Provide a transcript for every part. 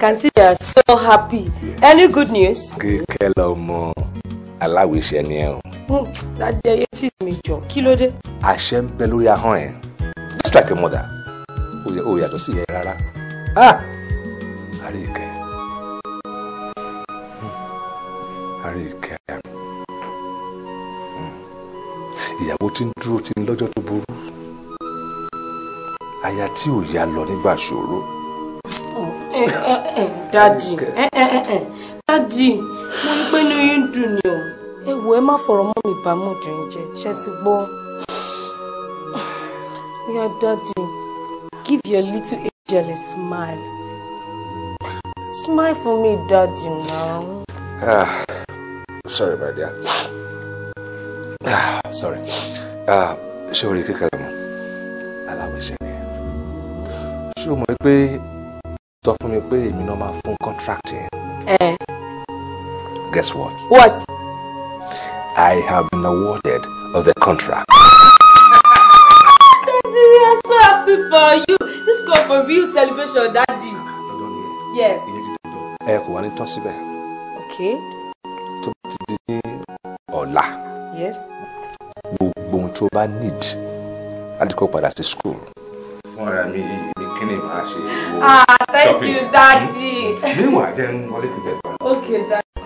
can see you are so happy. Any good news? Kíkẹ́lá hello, Mo. ni ẹ o. Dádì That day, it is kí ló dé? Àṣẹ ń bẹ lórí just like a mother, Oh, oh, ó yàtọ̀ sí ẹ rárá. Ah! Àríkẹ́, hmm. àríkẹ́, hmm. ìyàwó tí ń dúró ti ń lọ́jọ́ tó burú, aya tí ò yá lọ nígbà ṣòro dádì ẹ ẹ ẹ ẹ dádì mo rí pé inú yín dùn ni o ẹ wò ẹ má fọ̀rọ̀ mọ́ mi bá mọ̀ dùn jẹ ṣe ti gbọ́ oya dádì give your little angel a smile smile for me dádì now. ah sorry my dear ah sorry ah ṣé orí kékeré mu aláwọ̀ ṣe ni ṣé o mọ̀ pé sọ fún mi pé èmi náà máa fún contract Eh. Guess what? What? I have been awarded of the contract. Daddy, we so happy for you. This go for real celebration, Daddy. Ah, yes. Ẹ kò wá ní tán síbẹ̀. Okay. Tó bá ti di ní ọ̀la. Yes. Gbogbo ohun tó bá need láti kó padà sí school fúnra mi ní kíni màá ṣe ah thank you daddy. Hmm? níwọ̀n àjẹ́ wọlé kùtẹ̀ okay daddy.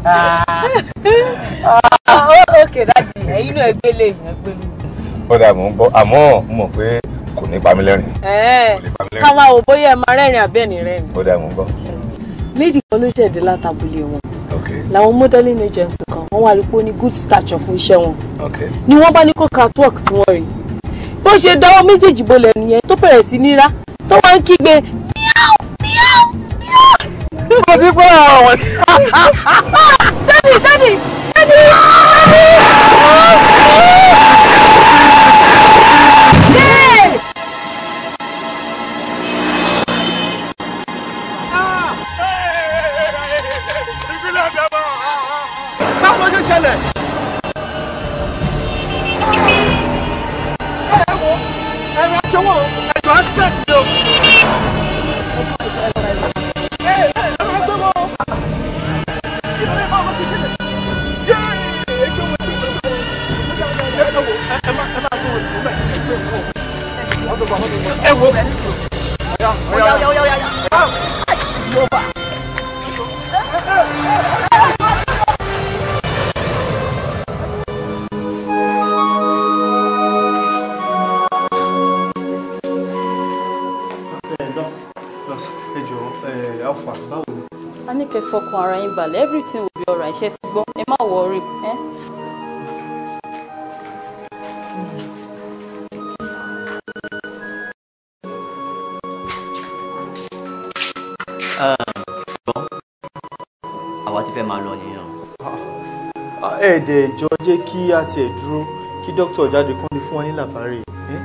Ah, oh, okay dájú ẹ̀yin náà ẹgbẹ́ lè yàn gbé mi. ó dà mò ń bọ̀ àmọ́ mo mọ̀ pé kò ní pa mí lẹ́rìn. káwa ò bóyá ẹ máa rẹ́rìn àbẹ́ẹ̀nì rẹ́rìn. ó dà mò ń bọ̀. lady kan ló ṣẹ̀dẹ̀ látàbúlé wọn làwọn modeling agency kan wọ́n wá rí ní good stature fún iṣẹ́ wọn ni wọ́n bá ní kó catwalk fún wọn rí bó ṣe dáwọ́ méjèèjì bolẹ̀ nìyẹn tó bẹ̀rẹ̀ sí níra tó wá ń kígbe mo ti pẹ́ àwọn. dádì dádì. ìṣe ti gbọ́ ẹ má wọrí. Ah, àwa ti fẹ́ máa lọ nìyẹn o. Ah, ẹ̀ẹ́dẹ̀ ìjọ jẹ́ kí a tiẹ̀ dúró kí dókítà jáde kán lè fún wa ní làbárè. Eh,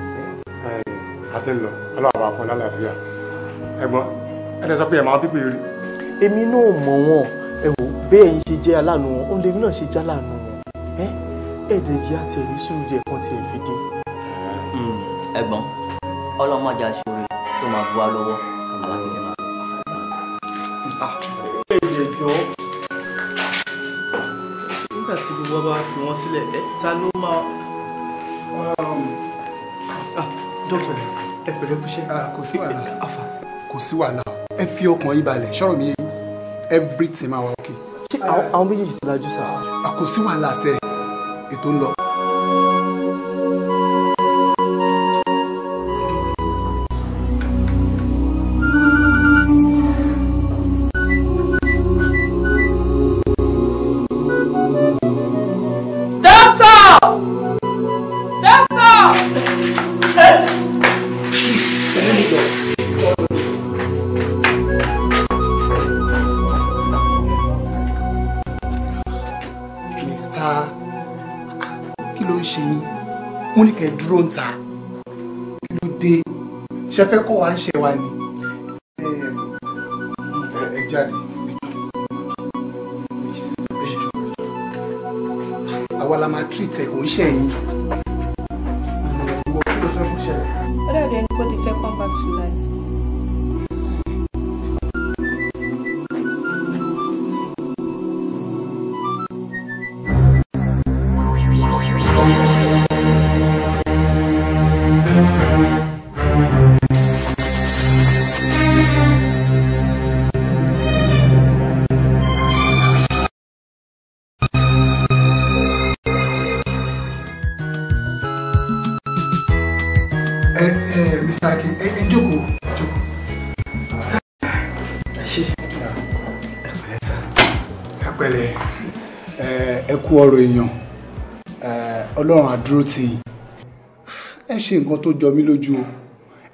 a ti ń lọ ọlọ́ọ̀bá fún lálàáfíà ẹ̀gbọ́n ẹ̀ẹ́dẹ̀ sọ pé ẹ̀ máa ń pípé rí. èmi náà mọ̀ wọ́n ẹ wò bí ẹ̀yin ṣe jẹ́ aláàánú wọn ó lèmi náà ṣe jẹ́ aláàánú wọn ẹ ẹ̀ẹ́dẹ̀ yìí àti ẹ̀yin sùúrù díẹ̀ kan tiẹ̀ fi dé. Hmm, ẹ̀gbọ́n ọlọ́mọdé aṣọ́re tó máa bu wa lọ́wọ́ àwọn àti ìjọba. ẹ̀ẹ́dẹ̀ jọ nígbà tí gbogbo bá fi wọ́n sílẹ̀ ẹ̀ ta ló máa. Um. Ah, dókítà ẹ pẹ̀lẹ́ kúṣẹ́ ah, kò sí wàhálà kò sí wàhálà ẹ fi ọkàn yín balẹ̀ ṣọ́rọ̀ mi yé everything máa wà okay ṣé àwọn méjèèjì ti lajú sáà. àkòsí wàhálà sẹ ètò ń lọ dúró ń ta kí ló dé ṣe fẹ́ kọ́ wa ń ṣe wa ni àwa la máa treat kò ń ṣẹ̀yìn. tì í ẹ ṣe nǹkan tó jọ mí lójú o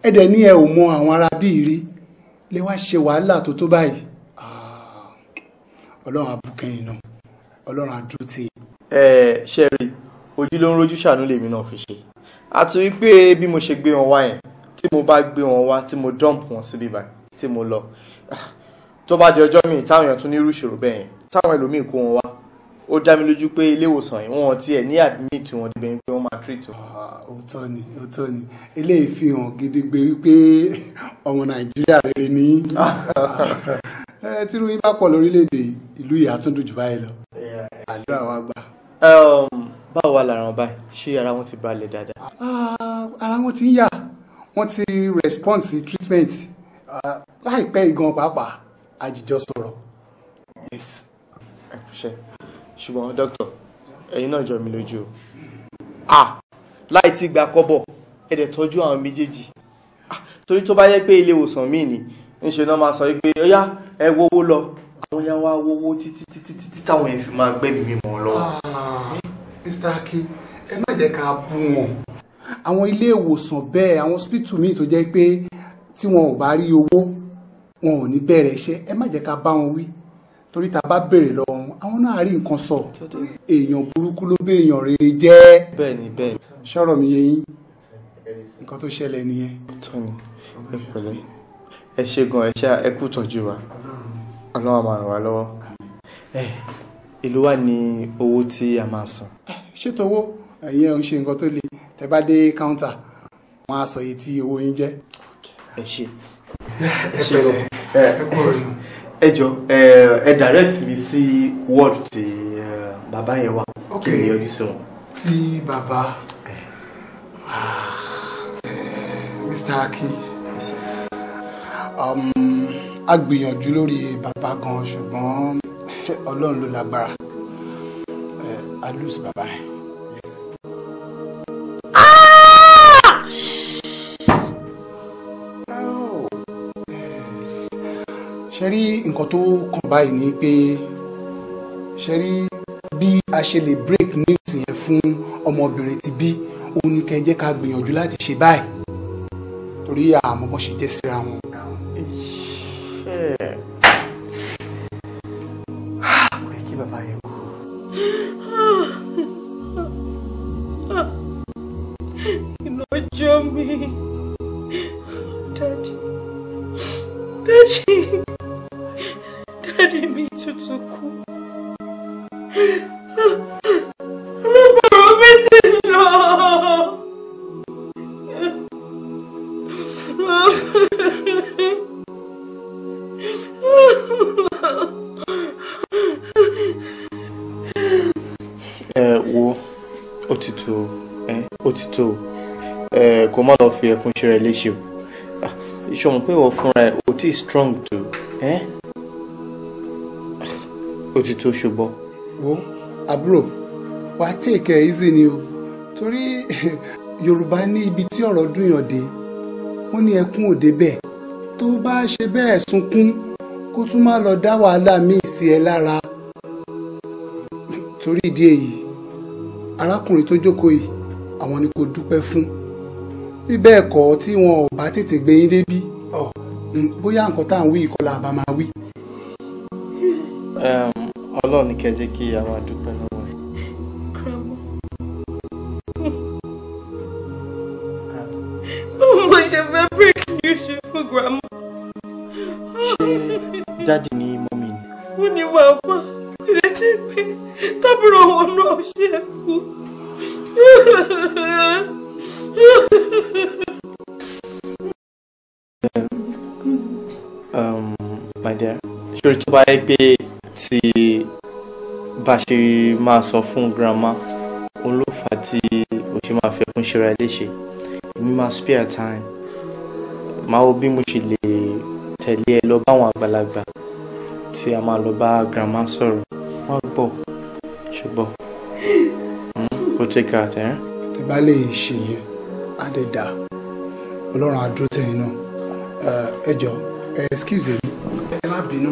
ẹ dẹ̀ ní ẹ ò mọ àwọn ará bíi rí lè wá ṣe wàhálà tó tó báyìí ah, ọlọ́run abùkẹ́yìn náà ọlọ́run àdúró tì í. ẹ ṣe rí ojú ló ń rojú ṣàánú lèmi náà fi ṣe àti wípé bí mo ṣe gbé wọn wá yẹn tí mo bá gbé wọn wá tí mo dọ́ǹpù wọn síbí báyìí tí mo lọ ah, tó bá di ọjọ́ míì táwọn èèyàn tún ní irú ìṣòro bẹ́ẹ̀ yẹn táwọn ẹlòmíì kó wọn wá ó já mi lójú pé ilé ìwòsàn yìí wọ́n ti ẹ̀ ní admit wọn débẹ̀ pé wọ́n máa treat wọn. Ah, òótọ́ ni òótọ́ ni eléyìí fi hàn gidigbe wípé ọmọ nàìjíríà rere ní ah. eh, tírú yín bá pọ̀ lórílẹ̀‐èdè ìlú yìí àtúndùn jù báyìí lọ àdúrà wa gbà. Um, báwo wà lára wọn báyìí ṣé ara wọn ti balẹ̀ dáadáa. Ah, ara wọn ti ń yà wọ́n ti response sí treatment láìpẹ́ igan pàápàá àjìjọ sọ̀rọ̀ yes. ẹ kú ṣùgbọ́n dókítà ẹ̀yin náà jọ mi lójú o ah láì ti gba kọ́bọ̀ ẹ̀dẹ̀ tọ́jú àwọn méjèèjì ah torí tó bá yẹ pé ilé ìwòsàn míì ni ńṣe náà máa sọ pé ó yá ẹ wowó lọ àwọn yá wá wowó títí títí títí táwọn yẹn fi máa gbẹ́mìí mímọ́ lọ. Mr. Akin ẹ má jẹ́ ká bú wọn àwọn ilé ìwòsàn bẹ́ẹ̀ àwọn hospital míì tó jẹ́ pé tí wọn ò bá rí owó wọn ò ní bẹ̀rẹ̀ iṣẹ́ ẹ má jẹ́ ká bá wọn wí torí tá a bá béèrè lọ ohun àwọn náà rí nǹkan sọ èèyàn burúkú ló bẹ èèyàn rere jẹ́ bẹ́ẹ̀ni bẹ́ẹ̀ni. sọ̀rọ̀ mi yẹn nǹkan tó ṣẹlẹ̀ nìyẹn. tọ́ni ẹ pẹ̀lẹ́ ẹ ṣe gan ẹ ṣá ẹ kú tọ́jú wa ọlọ́run àmọ́ ràn wá lọ́wọ́ ẹ ìlú wa ní owó tí a máa san. ṣètò owó ẹ̀yin ò ń ṣe nǹkan tó le tẹ́ bá dé káúntà wọn á sọ èyí tí owó yín jẹ́. ẹ ṣe ẹ ṣe rẹ ẹ kúrò nù ẹ jọ ẹ direct mi sí word ti bàbá yẹn wá kí ni yọjú sí ti bàbá Mr. Akin a gbìyànjú lórí bàbá gan ṣùgbọ́n Ọlọ́run ló lágbára a lose bàbá yẹn. ṣe rí nǹkan tó kàn báyìí ni pé ṣe rí bí a ṣe lè break news yẹn fún ọmọbìnrin ti bí òun ni kẹ́ ẹ jẹ́ ká gbìyànjú láti ṣe báyìí torí àmọ́ bọ́n ṣe jẹ́ síra wọn. daddy daddy dáàdì mi tutù kú. mo bọ̀rọ̀ méjì lọ. ẹ wo ó ti tó ẹ ó ti tó ẹ kó má lọ fi ẹkún ṣe rẹ léṣe o ah, ṣọmọ pé ìwọ fúnra ẹ ò tí strong tó ẹ. Eh? ó ti tó ṣubọ. wo àbúrò wà á tèkẹ́ easy ni o torí yorùbá ní ibi tí ọ̀rọ̀ dùnyàn dé wọ́n ní ẹkún òde bẹ́ẹ̀ tó bá ṣe bẹ́ẹ̀ sunkún kó tún má lọ dá wàhálà míì sí ẹ lára torí ìdí èyí arákùnrin tó jókòó yìí àwọn ni kò dúpẹ́ fún bí bẹ́ẹ̀ kọ́ tí wọn ò bá tètè gbé yín débí bóyá nǹkan tá à ń wí ìkọlà àbá wí ọlọ́run ní kẹ́ jẹ́ kí a máa dúpẹ́ lọ́wọ́ rẹ̀. báwo mo ṣe fẹ́ break grandma. ṣé dáàdì ní mọ́mí ni. ó ní bàbá ìrètí pé tábìlì ọmọ náà ṣe é kú. Um, my dear, ṣòro tó bá yẹ pé bá ṣe máa sọ fún grandma òun ló fà á tí o ṣe máa fẹ́ fún ṣera léṣe èmi máa spare time máa wo bí mo ṣe lè tẹ̀lé ẹ lọ báwọn àgbàlagbà tí a máa lọ bá grandma sọ̀rọ̀ wọ́n gbọ́ ṣùgbọ́n kò tẹ́ ká tẹ́ ẹ́. tẹ́ bá lè ṣe yẹn á lè dà ọlọ́run àdúró tẹ̀yìn náà ẹ jọ ẹ excuse me ẹ má bínú.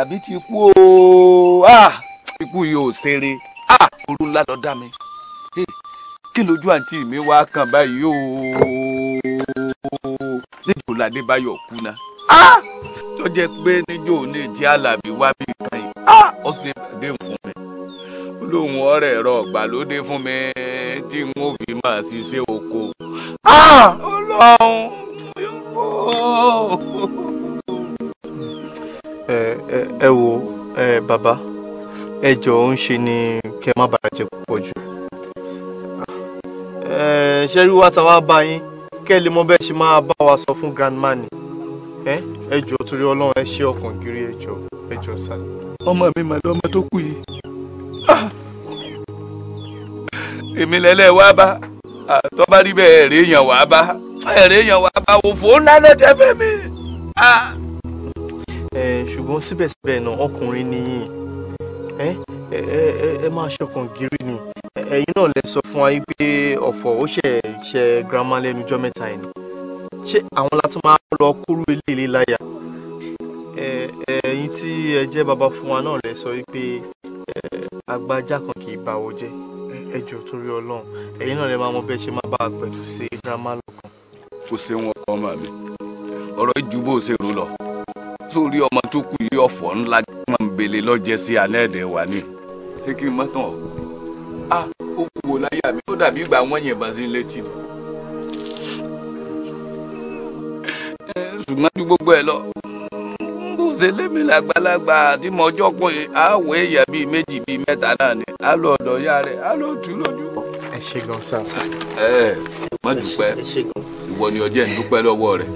Àlàbí ti kú o ikú yìí ò ṣeré ooru ńlá lọ dá mi kí lójú àǹtí mi wá kàn báyìí o níjò ládé báyọ̀ kú ná tó jẹ́ pé níjò lè jẹ́ Àlàbí wá bí nǹkan yìí ó sì dé fún mi lóhùn ọ̀rẹ́ ẹ̀rọ ọ̀gbàlódé fún mi tí n ó fi máa ṣiṣẹ́ oko ọlọ́run ẹ wo ẹ bàbá ẹ jọ̀ọ́ ń ṣe ni kẹ́ má bàrà jẹ́ púpọ̀ jù ẹ ṣe rí wàtá wá bá yín kẹ́ lè mọ bẹ́ẹ̀ ṣe máa bá wa sọ fún grandma ni ẹ ẹ jọ̀ọ́ torí Ọlọ́run ẹ ṣe ọkàn kiri ẹ jọ̀ọ́ ẹ jọ̀ọ́ sá. ọmọ mi màdé ọmọ tó kù yìí ah! èmi lẹ́lẹ́ wá bá tó bá èrè èèyàn wá bá èrè èèyàn wá bá òfò ńlá lẹ́tẹ̀ẹ́ mi. Ah! ṣùgbọ́n síbẹ̀síbẹ̀ náà ọkùnrin nìyí ẹ máa ṣọkàn gírí ni ẹ̀yin náà lè sọ fún wa yín pé ọ̀fọ̀ ó ṣe ṣe girama lẹ́nu ọjọ́ mẹ́ta yìí ṣé àwọn la tún máa lọ kúrú eléyìí láyà ẹ̀yin tí ẹ jẹ́ bàbá fún wa náà lè sọ yín pé agbájá kan kì í ba wo jẹ́ ẹ jọ̀ọ́ torí Ọlọ́run ẹ̀yin náà lè máa mọ bẹ́ẹ̀ ṣe máa bá a pẹ̀lú sí girama lọ́kàn. kò sí wọn kọ́ màmí ọ̀rọ̀ ìjú bó ṣe rò lọ sórí ọmọ tó kù yí ọ̀fọ̀ ńlá pọ́nbélé lọ́jẹ́ sí anẹ́ẹ̀dẹ̀ wà ní. ṣé kí n mọ́ tán ọ̀gbọ́n. a ó wò láyé àmì tó dàbí ìgbà wọ́n yẹn bá sí létí ni. ṣùgbọ́n ju gbogbo ẹ̀ lọ bó làgbàlagbà àti mọ́jọ́ pọ̀ yìí èèyàn bíi méjì bíi mẹ́ta náà ni á lọ ọ̀dọ̀ ya rẹ̀ á lọ tù lójú. ẹ ṣe gan sáà. ẹ ẹ mọ dúpẹ́. ẹ ṣe gan ìwọ ni ọjẹ́ ń dúpẹ́ lọ́wọ́ rẹ̀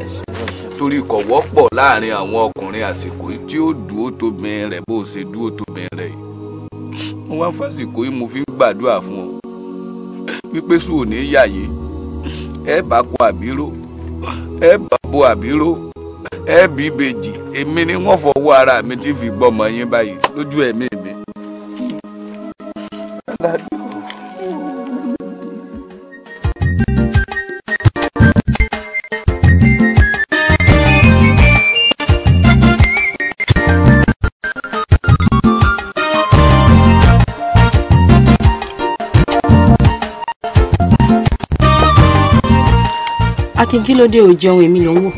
torí kò wọ́pọ̀ láàrin àwọn ọkùnrin àsìkò tí ó dúó tóbìnrin rẹ̀ bó ṣe dúó tóbìnrin rẹ̀ yìí mo wá fásìkò yìí mo fi ń gbàdúrà fún ọ wípé sùn ò yà yìí ẹ bá kó àbíró ẹ bá bo àbíró ẹ bí ìbejì èmi ni wọ́n fọwọ́ ara mi ti fi gbọ́mọ yín báyìí lójú ẹ̀mí mi. kí kí ló dé ò jẹun èmi ló ń wò.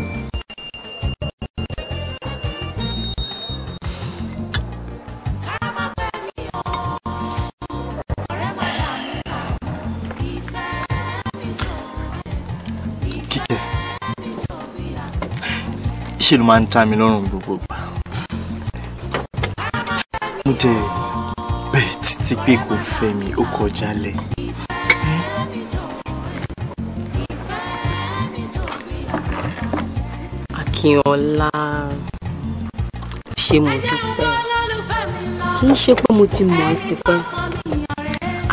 kíkẹ́ ṣe ló máa ń ta mi lọ́rùn gbogbo gbà mo tẹ bẹ́ẹ̀ títí pé kò fẹ́ mi ó kọjá lẹ̀. Akínọlá ṣé mo dúpẹ́ kì í ṣe pé mo ti mọ̀ ẹ́ tipẹ́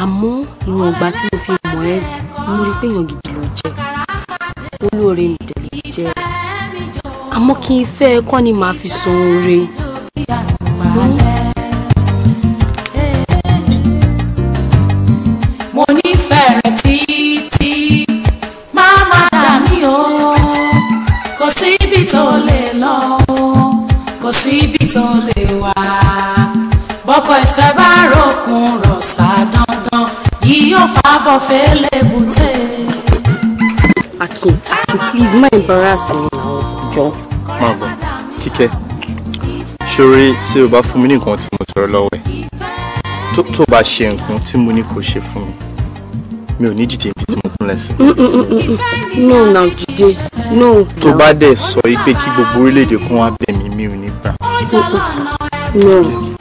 àmọ́ ìwọ̀n ìgbà tí mo fi mọ̀ ẹ́ mo rí pé èèyàn gidi ló jẹ́ olóore ìdẹ̀lẹ̀ jẹ́ àmọ́ kí n fẹ́ ẹ kọ́ ni màá fi sun oore. Akin, Akin, please má embarrass me now, jọ. Má bọ̀, Kíkẹ́, ṣorí tí o bá fún mi ní nǹkan tí mo tọrọ lọ́wọ́ ẹ̀. Tó tó bá ṣe nǹkan tí mo ní kò ṣe fún mi, mi ò ní dìde ibi tí mo kún lẹ́sìn. Mm, mm, mm, no now dìde, no. Tó bá dẹ̀ sọ pé kí gbogbo orílẹ̀-èdè kan wá bẹ̀ mí, mi ò ní gbà. No,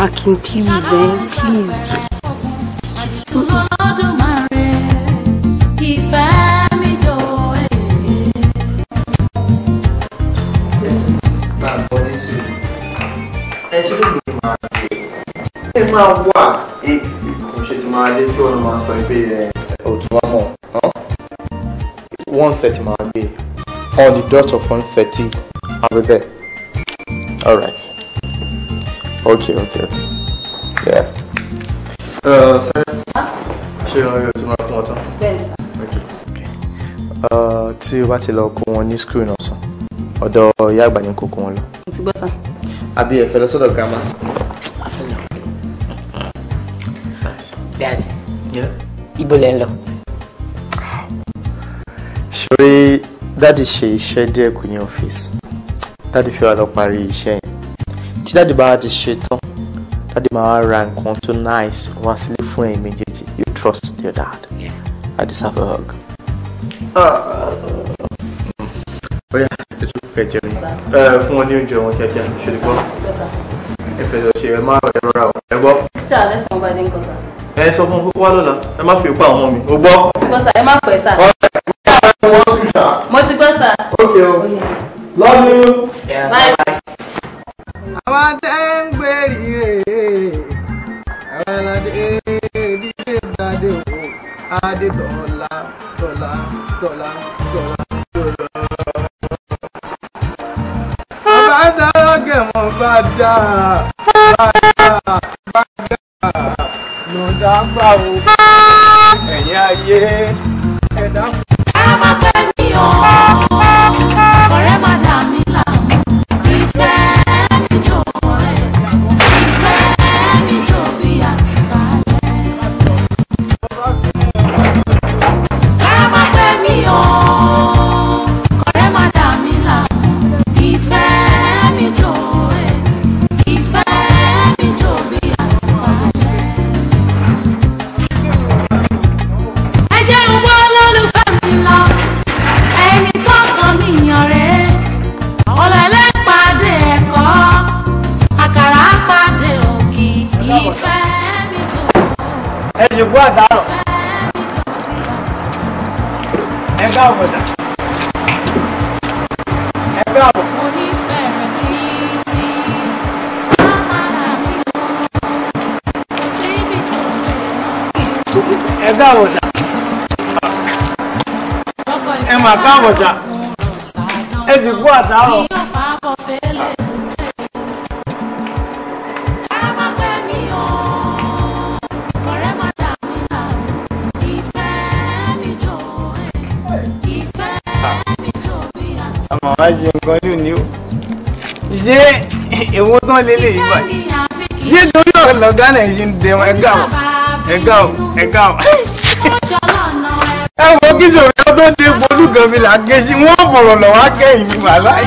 Akin, please, eh, please. máa wà eh, ṣe ti máa dé tí wọ́n máa sọ pé òtún eh, wa mọ̀ one thirty máa gbé on the dot of one thirty I'll be there all right okay okay yeah. Uh, sir, Ah? ọ̀rẹ́ o ti máa fún ọ tán? bẹ́ẹ̀ Okay. Uh, tí o bá ti lọ kó wọn ní skul náà sàn ọ̀dọ̀ ìyá àgbà ni kò kó wọn lọ. mo ti gbọ́ sá. àbí ẹ̀fẹ̀ lọ bolẹ̀ ń lọ. ṣeré dáàdì ṣe iṣẹ́ díẹ̀ kù ní ọ́fíìsì dáàdì fi wà lọ parí iṣẹ́ yẹn tí dáàdì bá ti ṣe tán dáàdì máa wá ra nǹkan tó nice wá sílé fún ẹ̀yin méjèèjì you trust your dad yeah. I deserve a hug. bóyá ètò kẹjẹ mi fún wọn ní oúnjẹ wọn kíákíá ṣe é gbọ́ ẹ fẹsẹ̀ ṣe ẹ má ẹ̀rọ ra ẹ gbọ́. ṣé àlẹ́ sàn bá dé ẹ sọ fún kókó wá lọ́la ẹ má fi pa àwọn ọmọ mi o gbọ́. ẹ má pẹ́ sà. mo ti gbọ́ sà. ok o love you. bye. àwọn tẹ́ ń gbèrè rèé àwọn aládé bí ṣe jáde òkú adé tọ́lá tọ́lá tọ́lá tọ́lá là ẹ̀yin ayé ẹ̀dá kù. ògbó àdárọ̀ ẹ káàbọ̀ dà ẹ káàbọ̀. ẹ káàbọ̀ dà ẹ mà káàbọ̀ dà ẹ sì kú àtàrọ̀. màmá wá ṣe nǹkan lónìí o ṣé èwo tán lélẹ̀ yìí báyìí ṣé torí ọ̀lọ́gá náà ṣe ń dẹ̀wọ̀n ẹ̀gá o ẹ̀gá o ẹ̀gá o ẹ wo kí sọ̀rọ̀ tó dé bolú gan mi là gé sí wọ́n bọ̀rọ̀ lọ́wọ́ akẹ́yìn mi wà láyé.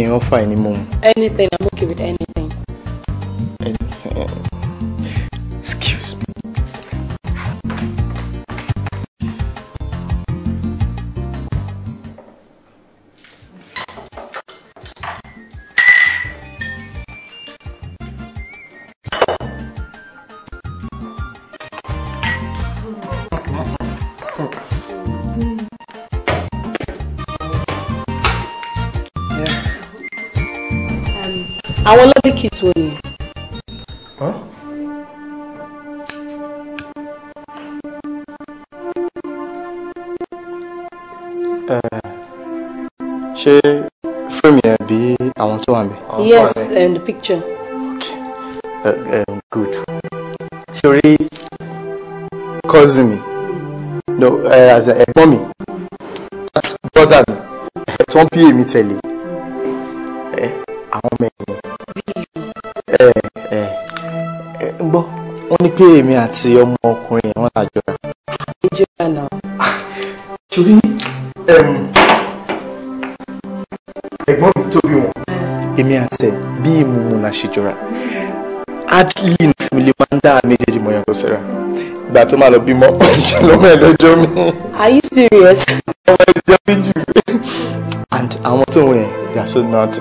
King of Fine Anything kiss wo nìyẹn. Eh, ṣé frame yẹn bí àwọn tó wà níbẹ̀. yes and the picture. okay uh, um, good sorry cousin mi no uh, ẹ̀gbọ́n mi brother mi ẹ̀ tó ń pa èmi tẹ̀lé pé èmi àti ọmọ ọkùnrin àwọn àjọra. àjọra náà. torí ẹ̀gbọ́n mi tóbi wọn. èmi àtẹ bí ìmúmu la ṣe jọra adley ní fúnmi máa ń dá méjèèjì mọ̀ yàtọ̀ síra ìgbà tó máa lọ bímọ ṣe lọ́mọ ẹ̀ lọ́jọ́ mi. are you serious. ọmọ ẹ̀ jẹ́ bí jù. and àwọn tó ń wọ̀nyẹn they are so naughty.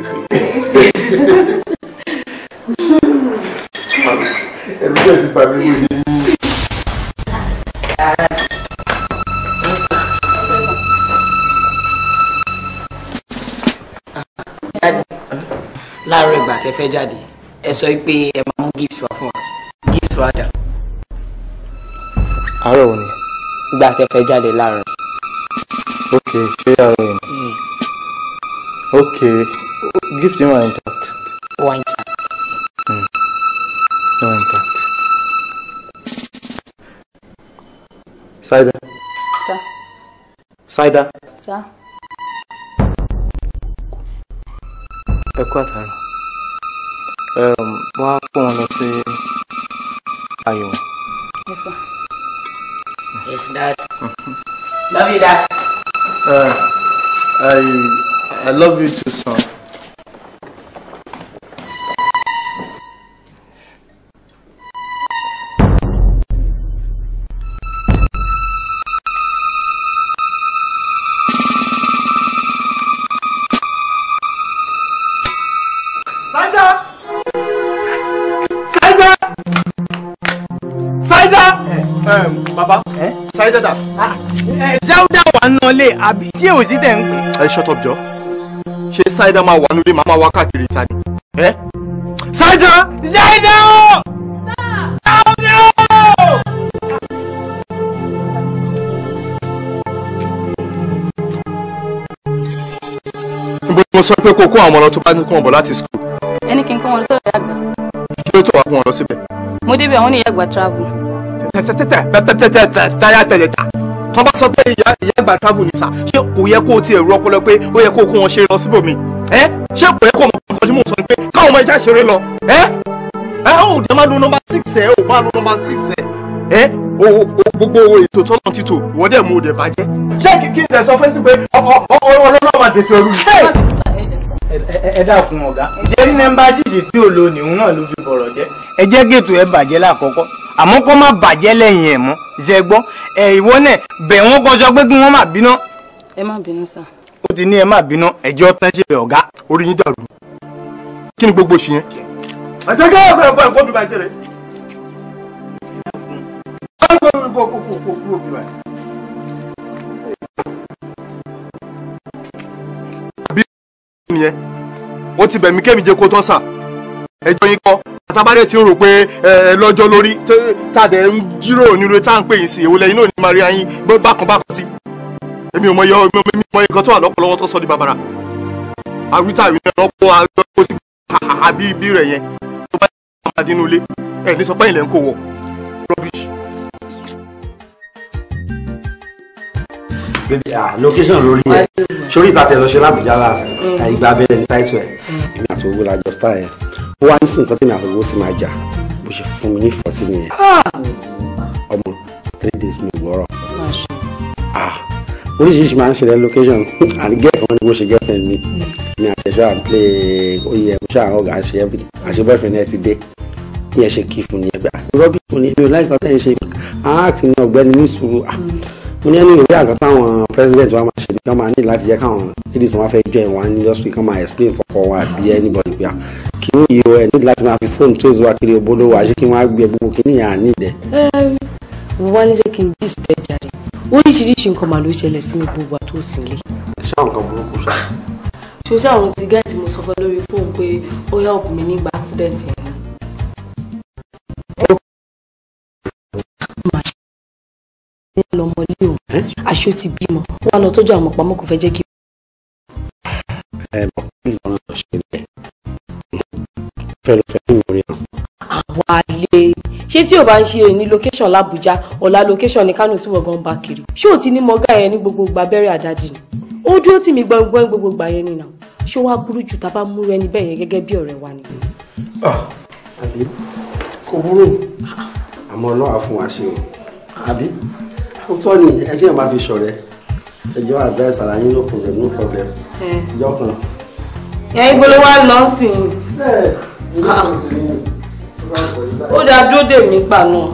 jẹ́ ti bà mí wòye ní. láàárọ̀ ìgbà tẹ́ fẹ́ jáde ẹ sọ pé ẹ máa mú gift wá fún wa gift wá dà. àárọ̀ òní. ìgbà tẹ́ fẹ́ jáde láàárọ̀. ok ṣé àárọ̀ òní. Hmm. ok gift yẹn wà intact. wà intact. Hmm. wà intact. Saida. Sir. Saida. Sir. Ẹ kú àtàrà. Wọ́n á pọ̀ wọn lọ sí àyẹ̀wò. Dad. Love you, Dad. Uh, I, I love you too, son. ẹ dọ́dà. ẹ Sáúdà wà nù lé àbí tí èò sí tẹ̀ ń pè. ẹ shut up jọ ṣé Sáídà máa wà nulẹ̀ máa máa wá káàkiri ta ni. ẹ Sáídà. Sáídà o. Sáúdà o. níbo ni mo sọ pé kó kó àwọn ọmọ tó bá ní kó wọn bọ̀ láti skul. ẹni kí n kó wọn lọ sọ̀rọ̀ ìyá kí ló tó wà kó wọn lọ síbẹ̀. mo débi àwọn oníyàgbà travel táyà tẹ̀lẹ̀ ta tọ́ bá sọ pé ìyá ìyá àgbà travel ni sà ṣé kò yẹ kó o ti ẹ̀rù ọpọlọ pé ó yẹ kó o kó wọn ṣeré lọ síbòmí ẹ ṣé kò yẹ kó o mọ nǹkan mò ń sọ pé káwọn ọmọ ẹja ṣeré lọ ẹ ẹ ó dẹ máa lo nọ́mbà six ẹ ó máa lo nọ́mbà six ẹ ẹ o gbogbo ètò tọ́nà títò wọ́n dẹ̀ mú o dẹ̀ bàjẹ́ ṣé kìkì ìdẹ̀ sọ fẹ́sí pé ọlọ́lọ́ máa dètò ẹrú ẹ dà fún ọ̀gá jẹ́rí nẹ́mbà sísì tí ò lo nìhun náà ló bọ̀rọ̀ jẹ́ ẹ jẹ́ gètò ẹ bàjẹ́ lákọ̀ọ́kọ́ àmọ́ kó má bàjẹ́ lẹ́yìn ẹ̀ mọ́ ṣe gbọ́ ẹ̀ ìwọ náà bẹ̀ wọ́n kọjọ pé kí wọ́n má bínú. ẹ má bínú sà. ó ti ní ẹ má bínú ẹjọ́ tán ṣe ọ̀gá orí yín dàrú kí ni gbogbo ṣe yẹn. àti ẹgbẹ́ ẹ̀fọ́ ẹ̀fọ́ ẹ̀kọ́ mi bá jẹ́ rẹ̀. bí ó ti bẹ̀ mí kémi jẹ́ kó tán sàn ẹjọ́ yín kọ́ àtàbádẹ́ tí ó rò pé lọ́jọ́ lórí tàdé ń jíròrò nínú tá à ń pè yín sí èwo náà ní maria yín bákan bákan sí. èmi ò mọyọ èmi ò mọyọ nǹkan tó wà lọ́pọ̀lọpọ̀ tó sọ di bàbàrà àwítàwí náà lọ́pọ̀ àjọ sí àbí ibi rẹ̀ yẹn tó bá yẹ kó dínú ilé ẹ̀ ní sọ pé ilẹ̀ ń kó wọ̀ ah location lórí ẹ sórí ìtàtẹ̀ lọ ṣe lábùjá last mm. ìgbà abẹ́rẹ́ ní táìtù ẹ̀ èmi àti owó la jọ star yẹn ó wá ní sí nǹkan tí mi àtọ̀gbọ́n sì máa jà bó ṣe fún mi ní fọ́tí nìyẹn ah! ọmọ three days mi gbọ́rọ̀ ah! oríṣiríṣi máa ń ṣe relocation and get one bó ṣe girlfriend mi hmm. mi àti ẹ̀ṣọ́ à ń play oyè ẹ̀ṣọ́ àwọn ọ̀gá ṣe everything àṣẹ boyfriend ẹ̀ ti dé ní ẹ̀ ṣe kí fún ní ẹgbàá rọ́bì kò ní ebi ò láìpẹ́ tẹ̀ ń ṣe àá àti ní ọ̀gbẹ́ni ní sùúrù ah! hmm mo ní ẹni ìwé àgbà táwọn president wa máa ṣe ni kí wọ́n máa ní láti jẹ́ káwọn ladies wọn fẹ́ join wa ní industry kí wọ́n máa explain for wa bí anybody pé ah, kí ní iye ẹ nídìí láti máa fi fóònù tó ìzúwa kiri òbóló wa ṣé kí wọ́n á gbé gbogbo kí níyà ní ìdẹ. mo wá ní jẹ́ kí n jí ìsìtẹ́ jàre oríṣiríṣi nǹkan mà ló ṣẹlẹ̀ sí mi gbogbo àtòsílẹ̀. ṣé àwọn kan burúkú ṣá. ṣoṣẹ́ àwọn ti gáàtì mo sọ fún lórí fóònù pé ó help mi nígbà accident yẹn ní ọlọmọlé o aṣọ ti bímọ wà lọ tọ́jú àwọn pamọ́ kò fẹ́ jẹ́ kí. ẹ mọ̀ kí ló ń lọ ṣe bẹ́ẹ̀ fẹ́ ló fẹ́ kí àwọn àlè ṣé tí o bá ń ṣe ní location làbújá ọ̀la location ní Kánò tí wọ́n gan bá kiri ṣé o ti ní mọ́gá yẹn ní gbogbo gba abẹ́rẹ́ àdájì ni ó dúró tì mí gbọ́ngbọ́n gbogbo gbà yẹn nìyà ṣé wàá burú jù tá a bá múra ẹni bẹ́ẹ̀ yẹn gẹ́gẹ́ bí ọ̀rẹ́ wa ni. Ah, àbí kò burú àmọ́ ọlọ́wà fún wa ṣe o àbí ó tọ́ ni ẹ jẹ́ máa fi ṣọ̀rẹ́ ẹjọ́ advice ara yín no problem no problem ìjọ eh. kan. ẹ ibo ló wá lọ sí i ó dáa dúró dè mí pa náà.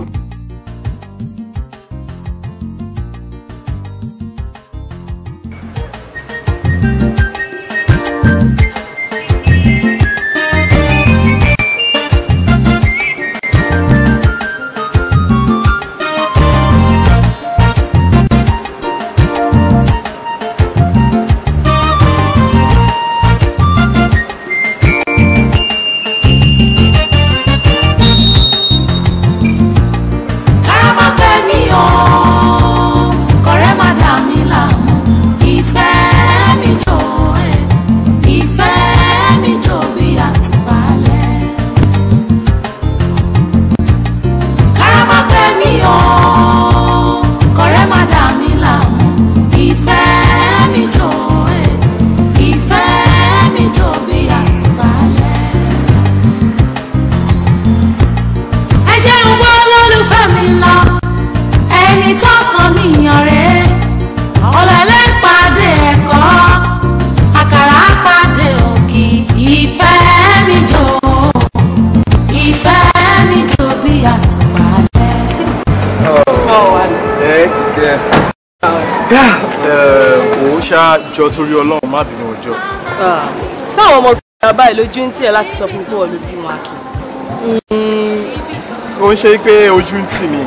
lójú ń tiẹ̀ láti sọ fún mi pé wọ́n ló bí wọn kì í. Mm. ó ń ṣe pé ojú ń tì mí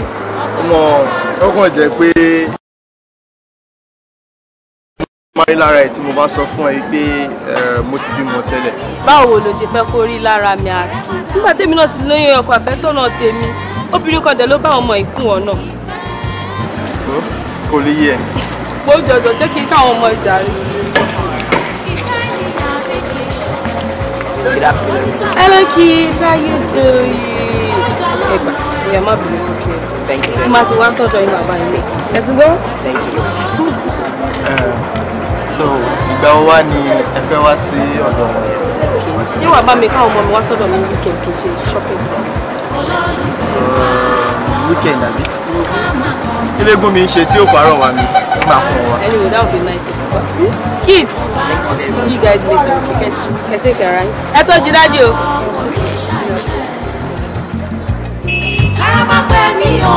ọmọ ó kàn pé máa rí lára ẹ̀ tí mo bá sọ fún ẹ pé eh, mo ti bímọ tẹ́lẹ̀. báwo ló ṣe fẹ́ kó rí lára mi àkì nígbà tèmi náà ti lóyún ọkọ àfẹ́sọ́nà tèmi obìnrin kan dẹ̀ ló bá ọmọ ìfún ọ náà. kò lè yé ẹ. pòjọ́jọ́ jẹ́ kí káwọn ọmọ ìjà rí i. Good afternoon. Hello, kids. How you doing? Hey, ma. Yeah, ma bi. Okay. Thank you. Tí ma ti wá sọ́dọ̀ yín bàbá yín. Ṣé ti Thank you. Eh, so, ìgbà wo wá ni ẹ fẹ́ wá sí ọ̀dọ̀ wọn? Ṣé wàá bá mi káwọn ọmọ mi wá sọ́dọ̀ mi ní kí kì í ṣe shopping? Uh, weekend àbí kílégún mi ń ṣe tí ó parọ́ wa mi máa anyway that would be nice kids you guys need to get take care right ẹ tọ́jú dájú o. kárámápẹ́ mi ò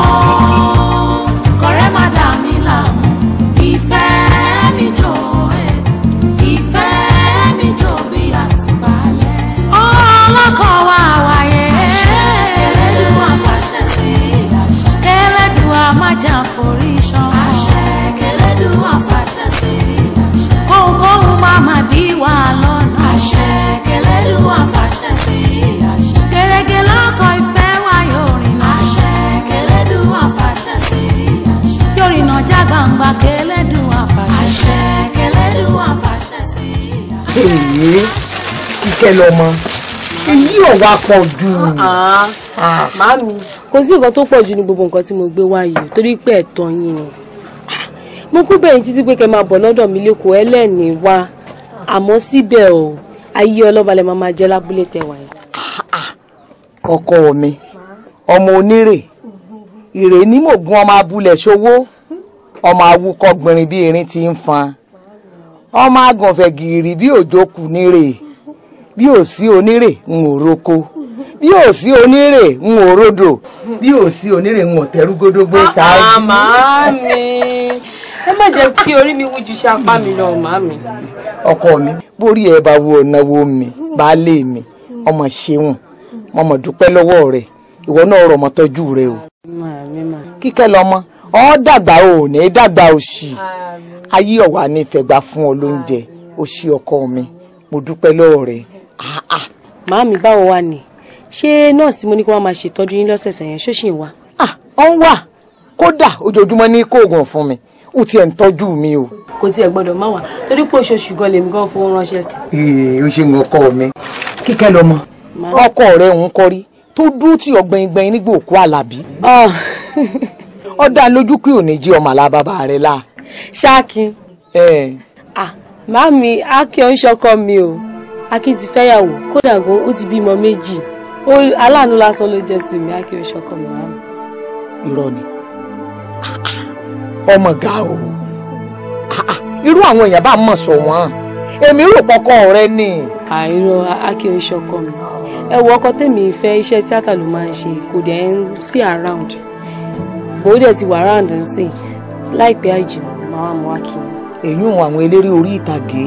kọ̀rẹ́ má dà mí láàmú ìfẹ́ mi jọ ẹ̀ e. ìfẹ́ mi jọ bí àtúbálẹ̀. ọlọ́kọ̀ọ́. ká má jà forí ṣan. àṣẹ kẹlẹ́dùn àfàṣẹ sí àṣẹ. kóńkóhùn má má dí wa lọ́nà. àṣẹ kẹlẹ́dùn àfàṣẹ sí àṣẹ. gèrègè lọ́kọ̀ ìfẹ́ wa yóò rìnà. àṣẹ kẹlẹ́dùn àfàṣẹ sí àṣẹ. yóò já gbangba kẹlẹ́dùn àfàṣẹ. àṣẹ kẹlẹ́dùn àfàṣẹ sí àṣẹ. èyí kíkẹ́ lọ́mọ èyí ò wá pọ̀ jù. Ah, ah. màámi kò sí nǹkan tó pọ̀ jù ní gbogbo nǹkan tí mo gbé wáyé torí pé ẹ̀tọ́ yín ni mo kú bẹ̀yìn títí pé kẹ́ máa bọ̀ lọ́dọ̀ mi lẹ́kọ̀ọ́ ẹlẹ́ni wa àmọ́ síbẹ̀ o ayé ọlọ́ba lẹ́ máa máa jẹ́ lábúlé tẹ̀wá yìí. ọkọ mi ọmọ onírè ìrè ní mògùn ọmọ abúlẹ̀ ṣòwò ọmọ awúkọ gbìnrín bí irin ti ń fan ọmọ agànfẹ̀ gìrì bí òjò kù nírè bí ò sí onírè ń òroko bí ò sí onírè ń wò ródò bí ò sí onírè ń wò tẹrúgódógbó ah, ṣáájú. àmà ah, mi ẹ má jẹ́ kí orí mi wújú ṣe apá mi lọ màá mi. ọkọ mi bórí ẹ bá wo ọ̀nà wo mi baálé mi ọmọ ṣeun mọmọ dúpẹ́ lọ́wọ́ rẹ ìwọ náà rọmọ tọ́jú rẹ o. kíkẹ́ lọ́mọ ọ́ dàgbà ò ní dàgbà òṣì ayé ọ̀wà ní ìfẹ̀gbà fún ọ lóúnjẹ òṣì ọkọ mi mo dúpẹ́ lọ́wọ́ rẹ. Ah, màámi báwo wà ní ṣé nọ́ọ̀sì tí mo ní kó wá máa ṣètọ́jú yín lọ́sẹ̀ẹ̀sẹ̀ yẹn ṣó ṣì ń wá. ah ọ ń wà kódà ojoojúmọ́ ní kóògùn fún mi ó tiẹ̀ ń tọ́jú mi o. kò tiẹ̀ gbọ́dọ̀ má wà torí pé oṣooṣù gan lèmi gan fowó ránṣẹ́ sí. ee o ṣe ń ọkọ mi kíkẹ́ lọmọ ọkọ rẹ ń kọrí tó dúró tí ọgbẹ̀yìngbẹ̀yìn nígbà òkú àlàbí. Ah. ó dá lójú pé òní jí ọmọ alábàbà rẹ la. ṣáàkì. Ah, màámi akin ń ṣọkọ mi o akin ti fẹ́yàwó kódà gan ó ti bímọ méjì aláàánú lásán ló jẹ́ sí mi akérè ṣọkọ mi rárá. irọ́ ni ọmọ ga o irú àwọn èèyàn bá mọ̀ sọ wọ́n èmi rò pọkọ rẹ ni. àìrọ akérè ṣọkọ mi ẹ wo ọkọ tèmi fẹ́ iṣẹ́ tíátà ló máa ń ṣe kò dẹ̀ ń sí around bó dẹ̀ ti wà around ń sìn láìpẹ́ àìjìnà máa wà mọ́ wá kí ni. èyí ń àwọn eléré orí ìtàgé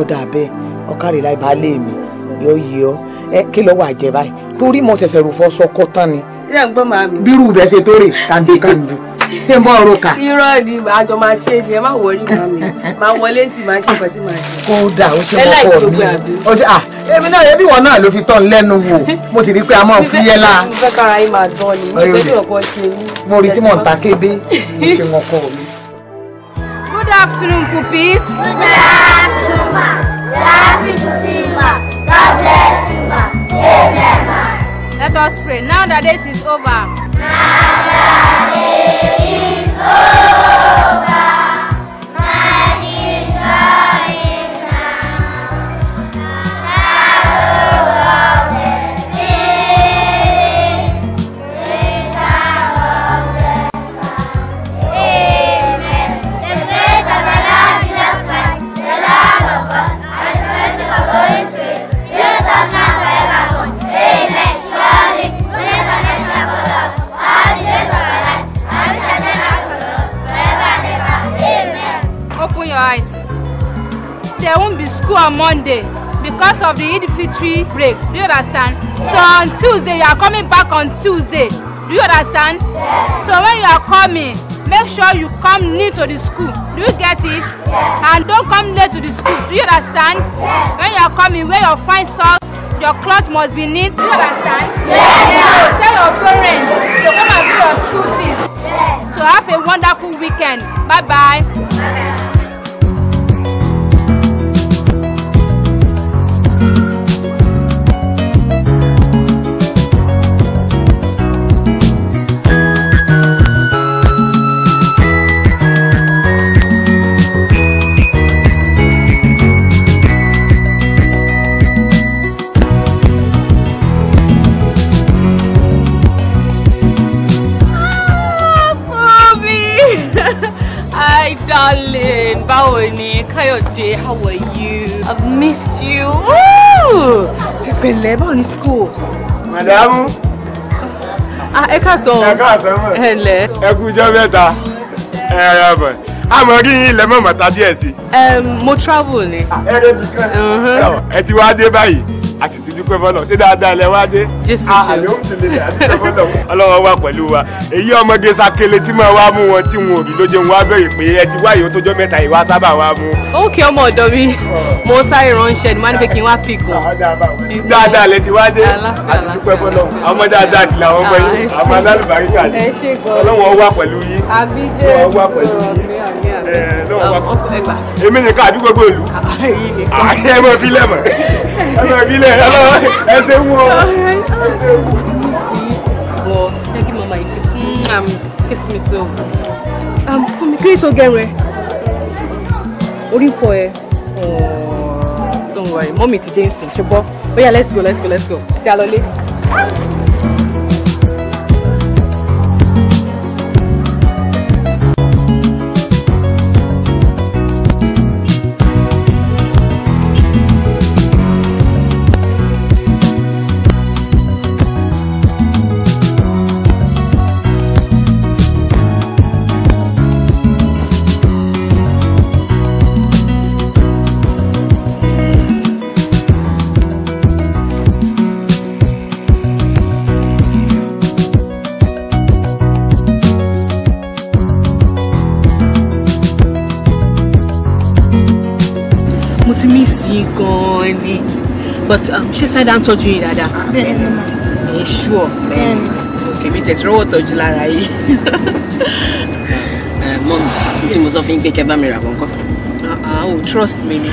ọ̀dà hmm, abẹ́ ọ̀kárẹ̀ láì bá lé mi yóò yí ọ ẹ kí lọ wà jẹ báyìí torí mo ṣẹ̀ṣẹ̀ rò fọ sọkọ tán ni. ṣé ẹ ń gbọ́ màá mi. bírú bẹ́ẹ̀ ṣe tó rè kàndùkàndù ṣé ń bọ́ ọ̀rọ̀ kà. irọ́ ni àjọ máa ṣe ni ẹ má wọrí màá mi máa wọlé sí máa ṣe nǹkan tí màá ṣe. kódà ó ṣe mọ́kọ́ mi ó ṣe à èmi náà ẹbí wọn náà ló fi tán lẹ́nu wò mo sì rí pé a máa fi yẹ la. mo fẹ́ kára yín máa dán ni mo fẹ́ kí ọkọ ṣe mí. mo rí tí mò ń ta kébé mo ṣe mọ́kọ́ mi. Good afternoon, puppies. Good afternoon, ma. God bless Amen, ma. Let us pray. Now that this is over. Now that school on Monday because of the Eid Fitri break. Do you understand? So on Tuesday, you are coming back on Tuesday. Do you understand? Yes. So when you are coming, make sure you come neat to the school. Do you get it? Yes. And don't come late to the school. Do you understand? Yes. When you are coming, wear your fine socks. Your clothes must be neat. Do you understand? Yes. yes. Tell your parents to come and pay your school fees. Yes. So have a wonderful weekend. Bye-bye. Bye-bye. Káyọ̀dé, how are you? I've missed you. Ooh. Pepe, báwo ni school? Madam. Ah, káàsán. Ẹ káàsán mọ̀. Ẹ lẹ̀. Ẹ kú ijọ́ mẹ́ta. Ẹ ara bọ̀. Àmọ́ rí yín ilẹ̀ mọ̀mọ́ta díẹ̀ sí. Mo travel ni. Ah, ẹ rẹ̀ bìkan. Uh-huh. Ẹ ti wá dé báyìí a sì ti dúpẹ́ fọlọ́ ṣé dáadáa lẹ wá dé. jésù ah, ṣe o ọlọ́wọ́ wà pẹ̀lú wa èyí ọmọge sakele tí máa wá mú wọn tí wọn ò rí ló jẹun wá bẹ̀rẹ̀ pé ẹ ti wá ìyó tójọ́ mẹ́ta ìwà sábà wá mú. ó kí ọmọ ọ̀dọ́ mi mo sáré ránṣẹ́ ni máa ń pè kí n wá pì kàn. Ah, dáadáa lẹ ti wá dé a sì dúpẹ́ fọlọ́ ọmọ dáadáa ti làwọn ọmọ yìí àmọ́ alálùbáríkà ni ọlọ́wọ́ wà pẹ̀lú yín ọlọ́wọ́ wà pẹ̀lú yín eh, èmi nìkan àdúgbò gbòòlù àyẹ̀mọ̀ fílẹ̀mọ̀ ọ̀nà ìbílẹ̀ ẹ ṣe wú ọ. bọ̀ ẹ kí mama yìí fún kéésì mi tó. fún mi kílí tó gẹ̀rù ẹ orí fọ ẹ. don't worry mommy ti dé nsìn ṣùgbọ́n bóyá let's go let's go let's go jà lọ gan but ṣé sáyidá ń tọ́jú yín dáadáa. bẹ́ẹ̀ ni ma. ẹ ṣú ọ. bẹ́ẹ̀ ni. kèmí tẹ̀sí rọ́wọ́ tọ́jú lára yìí. Uh, mọ́mí tí mo sọ fún yín pé kẹ́ bá mi rà uh-uh, oh, trust me ni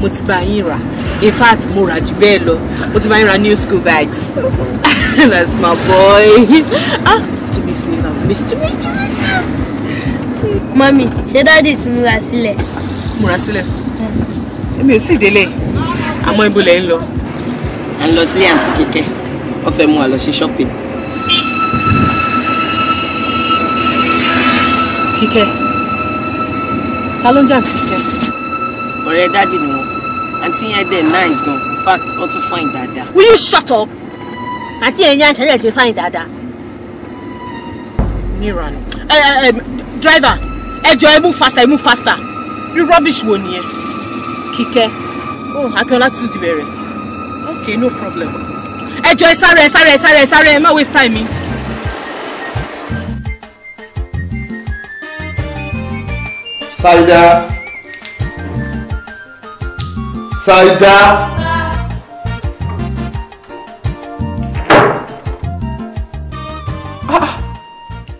mo ti bá yín rà in fact mo rà jù new school bags that's my boy. ah to be seen now mr mr mr. mọ́mí ṣé dáàdì ti múra sílẹ̀. múra sílẹ̀ èmi ò sì délé àmọ́ ibo lẹ̀ ń lọ. à ń lọ sílé àǹtí kíkẹ́ wọ́n fẹ́ mú wa lọ ṣe shopping. kíkẹ́ ta ló ń jẹ́ àǹtí kíkẹ́. ọ̀rẹ́ dáàdì ni wọ́n àǹtí yẹn dẹ̀ nice gan in fact wọ́n tún fine dáadáa. will you shut up. àǹtí yẹn yẹn àtẹ̀lẹ̀ ti fine dáadáa. nira ni. ẹ ẹ driver ẹ jọ ẹ mú faster ẹ mú faster rubbish wo nìyẹn. Kíkẹ́ oh Akínọlá tún ti bẹ̀rẹ̀ okay no problem ẹ jọ ẹ sáré ẹ sáré ẹ sáré ẹ sáré ẹ má waste time mi. Saida Saida. Ah,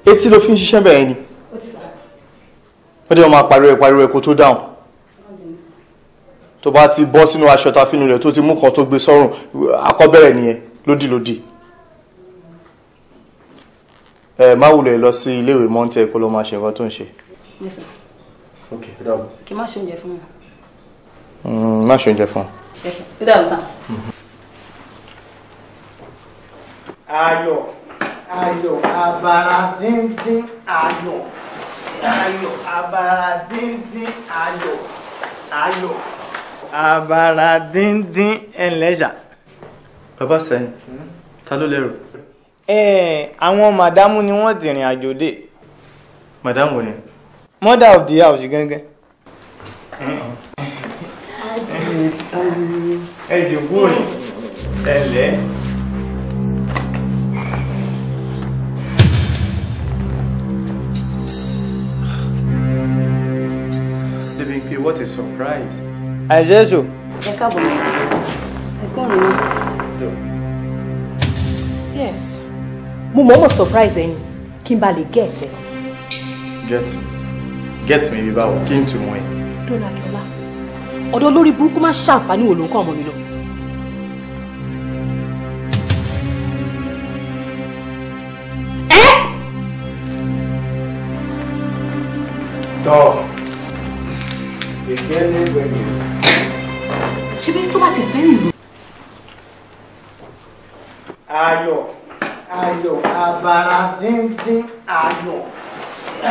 etí ló fi ń ṣiṣẹ́ bẹ́ẹ̀ ni ó dé wọn máa pariwo ẹ̀ pariwo ẹ̀ kó tó dáhùn tó bá ti bọ́ sínú aṣọ ta fínú rẹ̀ tó ti mú kan tó gbé sọ́rùn akọ́bẹ̀rẹ̀ nìyẹn lódìlódì ẹ má wulẹ̀ lọ sí iléèwé mọ́ńtẹ́ kó lọ máa ṣe nǹkan tó ń ṣe. kí má ṣe oúnjẹ fún un. Mm, má ṣe oúnjẹ fún ayọ̀ ayọ̀ abara díndín ayọ̀ ayọ̀ abara díndín ayọ̀ ayọ̀ àbàrà díndín ẹlẹ́ṣà. bàbá sẹ́yìn ta ló lérò. ẹ̀ẹ́ àwọn màdámù ni wọ́n ti rìn àjò dé. màdámù ni. mother of the house gángan. ẹ jòkó ẹ lẹ́ẹ̀. What a surprise! àìsè èso. ẹ káàbọ̀ ẹ kún un yes mo mọ̀ọ́mọ̀ surprise ẹ̀yin kí n bá lè get ẹ. get get mi bíbá o kí n tún wọn. dọ́là kẹlá ọ̀dọ́ lórí burúkú máa ń ṣàǹfààní wò ló ń kọ́ ọmọ mi lọ. Dog. Begin with you ṣe bí tó bá ti fẹ́ nìlú. ayọ̀ ayọ̀ abara díndín ayọ̀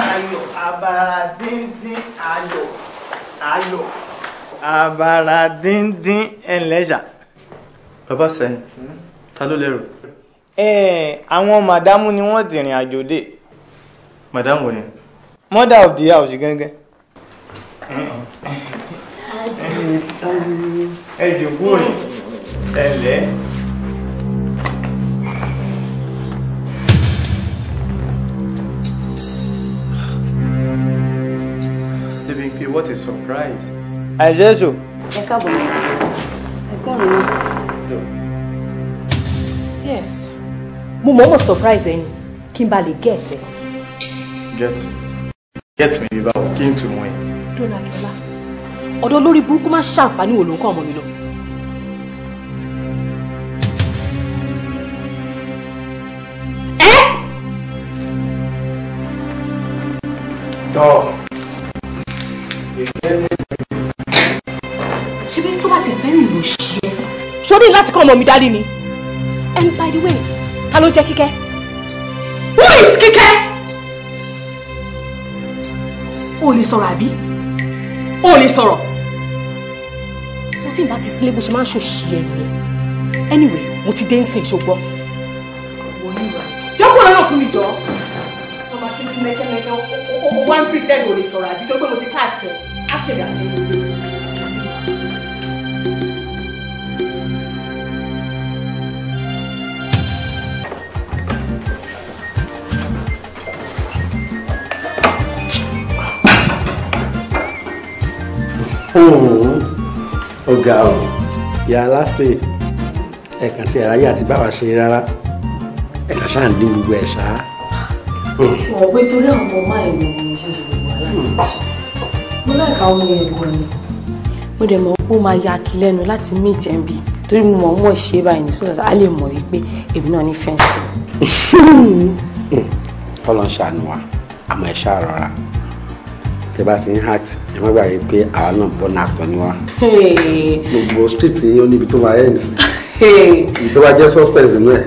ayọ̀ abara díndín ayọ̀ ayọ̀ abara díndín ẹlẹ́ṣà. bàbá sẹ́yìn ta ló lérò. ẹ àwọn màdámù ni wọ́n dìrìn àjò dé. màdámù ni. mother of the house gangan. Thank you. É jòkó rìn ẹ lẹ́. Débímpé, what a surprise. àìsẹ́ so. É káàbọ̀ mi ẹ kọ́run yes mo mọ̀ọ́mọ̀ surprise ẹ̀yin kí n ba lè get ẹ. get get mi báwo kí n tún mọ ẹ. dọ́là kẹlá ọ̀dọ́ lórí burúkú máa ń ṣàǹfààní wò ló ń tọ́. ṣebí tó bá ti fẹ́ mi ló ṣe é. sori láti kọ́ ọmọ mi dádì ni and by the way ta ló jẹ́ kíkẹ́ who is kíkẹ́ o lè sọ̀rọ̀ àbí o lè sọ̀rọ̀ sọ tí n bá ti sílé bó ṣe máa ń ṣòṣì ẹ̀ nìyẹn anyway mo ti dé ń sìn ṣùgbọ́n. jókòó lọ́nà fún mi jọ mẹ́kẹ́mẹ́kẹ́ ó wá ń pretend ò lè sọ̀rọ̀ àbí tó pé mo ti ká àṣẹ àṣẹ rẹ̀ àti ìlú rẹ̀. ọ̀gá ọ̀ ìyá aláṣẹ ẹ̀kan tí ẹ̀ráyà ti bá ṣe rárá ẹ̀ka ṣáà ń dín gbogbo ẹ̀ ṣáá mọ̀ pé torí àwọn ọmọ máa ìwọ̀n hmm. mo ṣe ṣe gbogbo aláàtì mo láìka ọmọ yẹn gan ni mo dẹ̀ mọ̀ pé ó máa ya akí lẹ́nu láti mí ìtẹ́ǹbì torí mo mọ̀ mọ̀ ṣe báyìí ní sọ́dọ̀ a lè mọ̀ wípé èmi náà ní fẹ́ǹsì. kọ́lọ́ ń ṣàánú wa àmọ́ ẹ̀ ṣàrọ̀ra tẹ bá ti ń hàt ẹ má gbàgbé pé àwa náà bọ́nà àtọ̀ ni wa. gbogbo street yìí ó níbi tó máa ẹ̀ ń sí. ìtọ́wájẹ́ suspense náà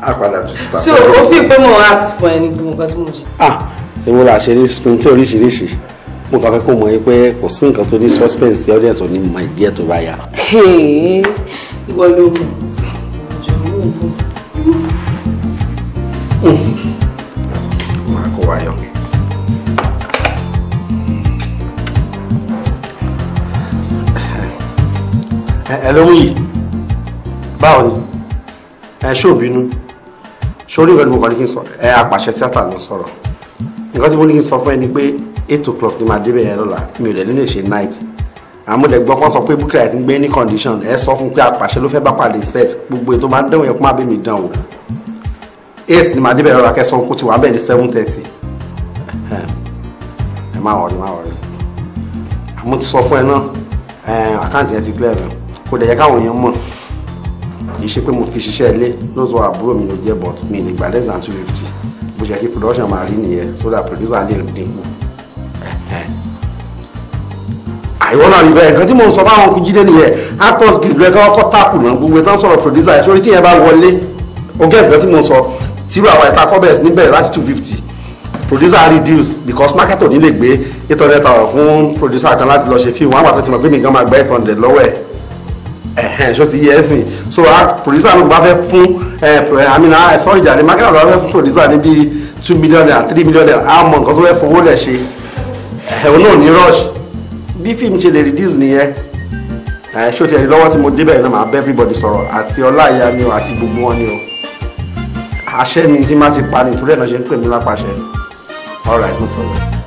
a padà tún ta. so o fi pé mo act fún ẹni gbogbo nǹkan tí mo ṣe. ah èwo la ṣe ní tuntun tí oríṣiríṣi mo kàn fẹ́ kó mọ̀ yín pé kò sí nǹkan tó ní suspense tí audience ò ní mọ ìdí ẹ̀ tó bá yá. ìwọ ló mú máa hmm. kó wa yọ. ẹ ẹ lóhùn yìí báwo ni ẹ ṣó sórí ìwé ni mo kàn ní kí n sọ ẹ apàṣẹ tíátà ló sọ̀rọ̀ nǹkan tí mo ní kí n sọ fún ẹ ni pé eight o'clock ni màá débẹ̀ yẹn lọ́la mi ò lè nílé ṣe night àmúdẹ̀gbọ́n kan sọ pé búkẹ́ àti gbé ní condition ẹ sọ fún pé apàṣẹ ló fẹ́ bá pàdé set gbogbo ètò máa ń dẹ̀wọ̀n yẹn kó má bẹ́ mi dán o eight ni màá débẹ̀ lọ́la kẹsàn-án kó ti wà bẹ́ẹ̀ ní seven thirty ẹ má wọrí má wọrí àmú ti sọ fún ẹ náà àkáǹtì yẹn ti clear kó dẹ̀ yẹ káwọn èèyàn mọ̀ kì í ṣe pé mo fi ṣiṣẹ́ ilé lóòótọ́ àbúrò mi ló jẹ́ but mi ní gba less than two fifty bó ṣe kí production máa rí nìyẹn so that producer lè dínkù. àìwọ́ náà ní bẹ́ẹ̀ nǹkan tí mo ń sọ fáwọn kú jíde nìyẹn actors guild rẹ̀ kọ́kọ́ tàkù náà gbogbo tán sọ̀rọ̀ producer ẹ̀ sórí tí yẹn bá wọlé ogẹ́ ìsìnkàn tí mo ń sọ tírú àwọn ìtakọ́ bẹ̀rẹ̀ sí níbẹ̀rẹ̀ láti two fifty producer reduce because market ò ní lè gbé eight hundred thousand fún producer kan láti lọ ṣe fíìmù wọn àgbàtà ti mọ̀ pé mi gan máa gba eight hundred lọ́wọ́ ẹ̀ ẹ̀hẹ́n ṣó ti yẹ ẹ́ sìn so producer ló bá fẹ́ fún amina sorry jàre marketer ló bá fẹ́ fún producer ní bíi two million naira three million naira á mọ nǹkan tó fẹ́ fowó lẹ̀ ṣe ẹ̀hún náà ní rush bí fíìmù ṣe lè reduce nìyẹn ṣó ti ẹ̀rí lọ́wọ́ tí mo débẹ̀ náà máa bẹ́ everybody sọ̀rọ̀ àti ọláìyá ni o àti gbogbo wọn ni o àṣẹ mi tí má ti pa ni ìtúrẹ́ náà ṣe ń pè mí lápàṣẹ all right no problem.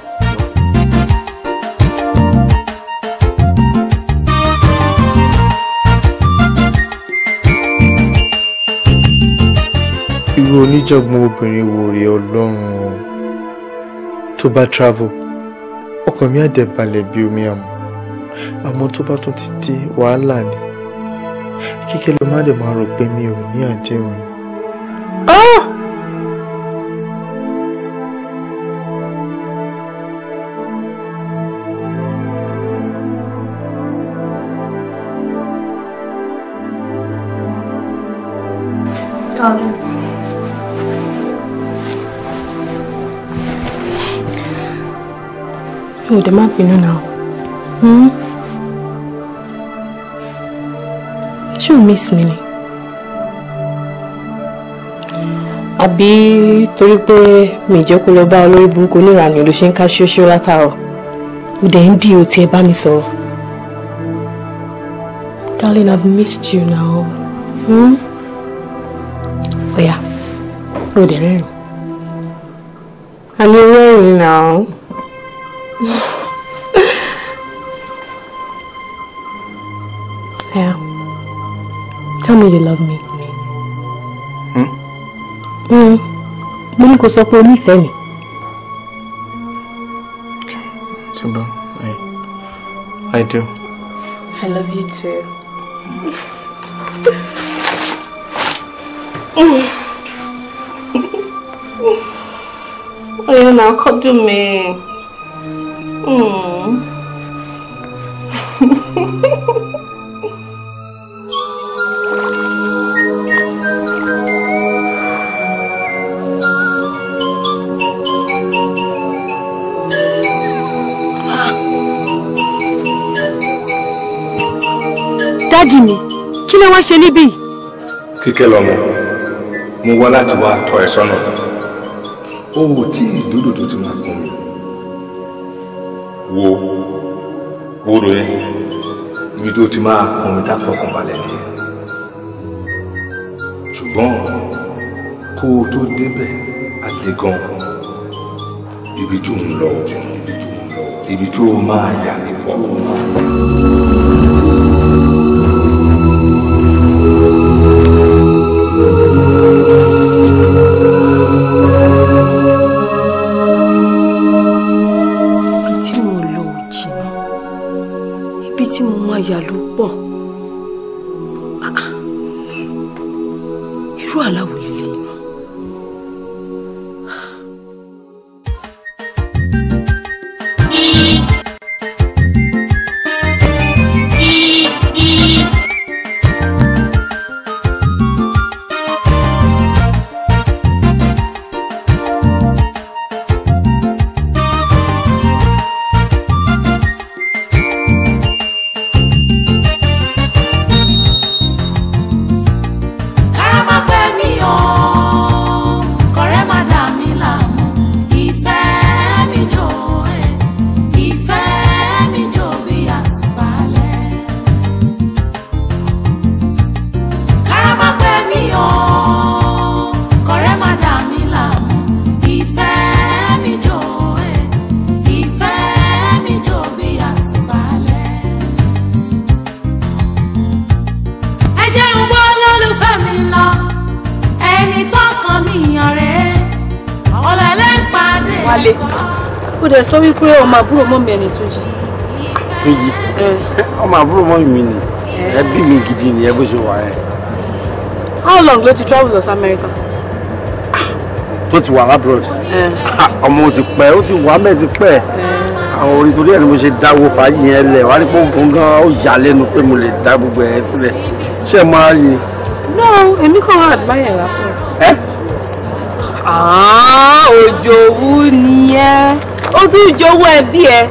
irú oníjọ̀gbọ̀n obìnrin wo rèé ọlọ́run o tó bá travel ọkàn mi á dẹ̀ balẹ̀ bí omi àmọ́ àmọ́ tó bá tún ti dé wàhálà ni kíkẹ́ ló má dẹ̀ máa rò pé mi ò ní àdéhùn. Ah! mi ò you má bínú náà hmm? ṣé o miss me? ni àbí torí pé mi ì jẹ́ kó lọ bá olórí burúkú oníranú ló ṣe ń ká ṣóṣó látàrọ̀ ò dẹ̀ ń dì ó tiẹ̀ bá mi sọ̀rọ̀ darling I've missed you now ọ̀yà hmm? ó dẹ̀ rẹ́rìn-ín àmì rẹ́rìn-ín náà. me you love me. Hmm? hmm. mo ní kó sọ pé o nífẹ̀ẹ́ mi. ṣùgbọ́n I I do. I love you too. Oyún náà kọ́dún mi. Hmm. mi kí lẹ wá ṣe níbí. kíkẹ́ lọ́mọ mo wá láti wá tọ́ ẹ sọ́nà o ò tí ì dódòdó ti máa kún mi wo wo ròyìn ibi tó ti máa kún mi tá fọkàn balẹ̀ nìyẹn ṣùgbọ́n kó o tó débẹ̀ á le gan ibi tó ń lọ ibi tó máa yà ní pọ̀. bẹ́ẹ̀ ni Túnjí. Túnjí eh. ọmọ àbúrò mọ́ mi ni eh. ẹbí mi gidi ni ẹ bó ṣe wà ẹ. How long ló ti travel lọ sí America? tó ti wà abroad eh. ah, ọmọ ti pẹ́ ó ti wà mẹ́ẹ̀ ti pẹ́ àwọn orí torí ẹ̀ ni mo ṣe dáwọ́ fàájì yẹn lẹ̀ wá ní pọ́ǹpọ́n gan ó yà lẹ́nu pé mo lè dá gbogbo ẹ̀ sílẹ̀ ṣé ẹ máa rí i. no èmi kàn wá àdúbáyẹ̀ lásán. ẹ. àá ah, òjòwú nìyẹn ó tún jowó ẹbí ẹ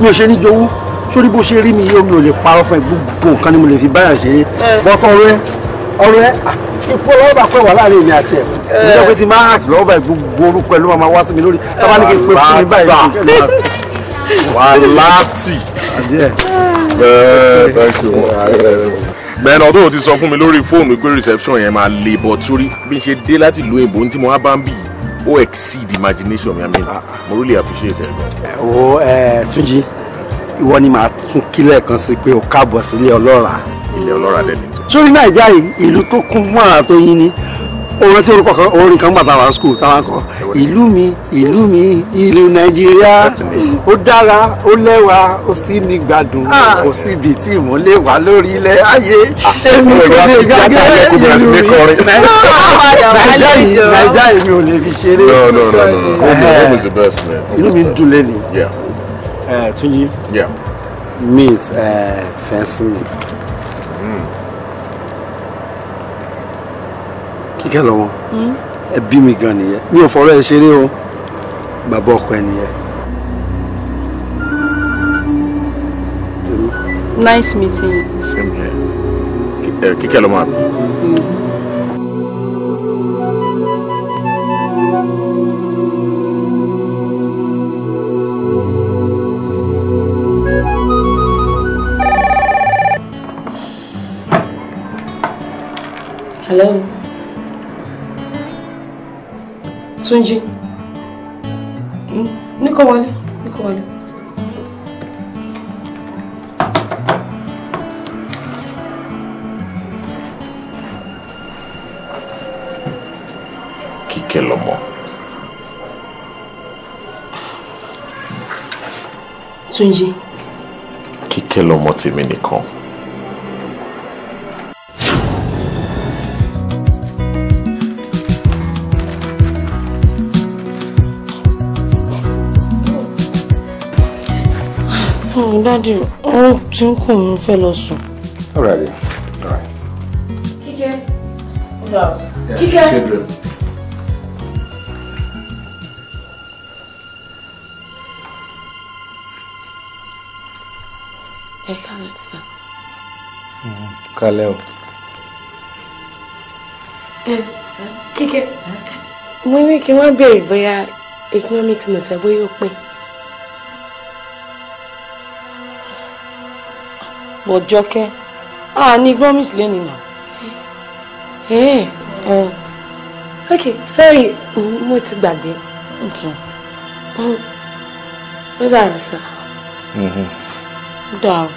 mi ò ṣe ní jowú sórí bó ṣe rí mi yóò mi ò lè parọ́ fún ẹ gbogbo nǹkan ni mo lè fi báyà é bọ́tọ̀ ọ̀rẹ́ ọ̀rẹ́ ipò lọ́wọ́bà pẹ̀ wà láàrin èmi àti ẹ̀ níjọ́ pé ti máa hàn tí lọ́wọ́bà gbogbo orúkọ ẹ̀ ló máa wá sí mi lórí tábà ní kí n pè fún mi báyìí. wà láti bẹ́ẹ̀ bẹ́ẹ̀ sì wọ́n bẹ́ẹ̀ náà tó ti sọ fún mi lórí fóònù pé reception yẹn máa le bọ̀ torí bí n ṣe dé láti ìlú èbó ní tí mo wá bá ń bì O exceed imagination mi i mean ah, mo really appreciate it. ẹ wo ẹ Túnjí ìwọ ni màá tún kílẹ̀ kan sí pé o káàbọ̀ sílé ọlọ́ra. ilé ọlọ́ra lẹ́nu. sórí nàìjíríà ìlú tó kún fún àtọyìn ni orin tí orúkọ kan orin kan gbàtà wà skul táwọn kọ ìlú mi ìlú mi ìlú nàìjíríà ó dára ó lẹ́wà ó sì ní gbádùn ah. kò síbi tí mò ń lè wà lórí ilẹ̀ ayé ah. èmi kò lè gàgé ìlú mi nàìjà ah, yìí nàìjà èmi ò lè fi ṣeré. no no no no home is the best man. inú mi dùn lẹ́nu eh, Túnjí meet eh, Fẹ́nsímì. Hmm. kíkẹ́ lọ́wọ́ hmm? ẹbí mi gan nìyẹn mi ò fọ̀rọ̀ ẹ ṣeré o bàbá ọkọ ẹ nìyẹn. nice meeting you. same here kíkẹ́ eh, lọ́mọ àbí. Hello. Tunji. Nico, olha. Nico, olha. Kíkẹ́ lọ́mọ. Tunji. Kíkẹ́ lọ́mọ tèmi dádì òun ti ń kùn ún fẹ́ lọ sùn. ọ̀rẹ́ rẹ̀ ọ̀rẹ́. kíkẹ́ kíkẹ́. ẹ kálẹ̀ sá. Mm-hmm. kálẹ̀ o. kíkẹ́ mo ní kí wọ́n béèrè bóyá economics nọ̀tẹ̀ bóyá ó pín. bọ̀ jọkẹ́ a ní promise lẹ́nu náà. ẹ ẹ ok sorry mo ti gbàgbé. ó dàrú sá. Mm-hmm. ó dàrú.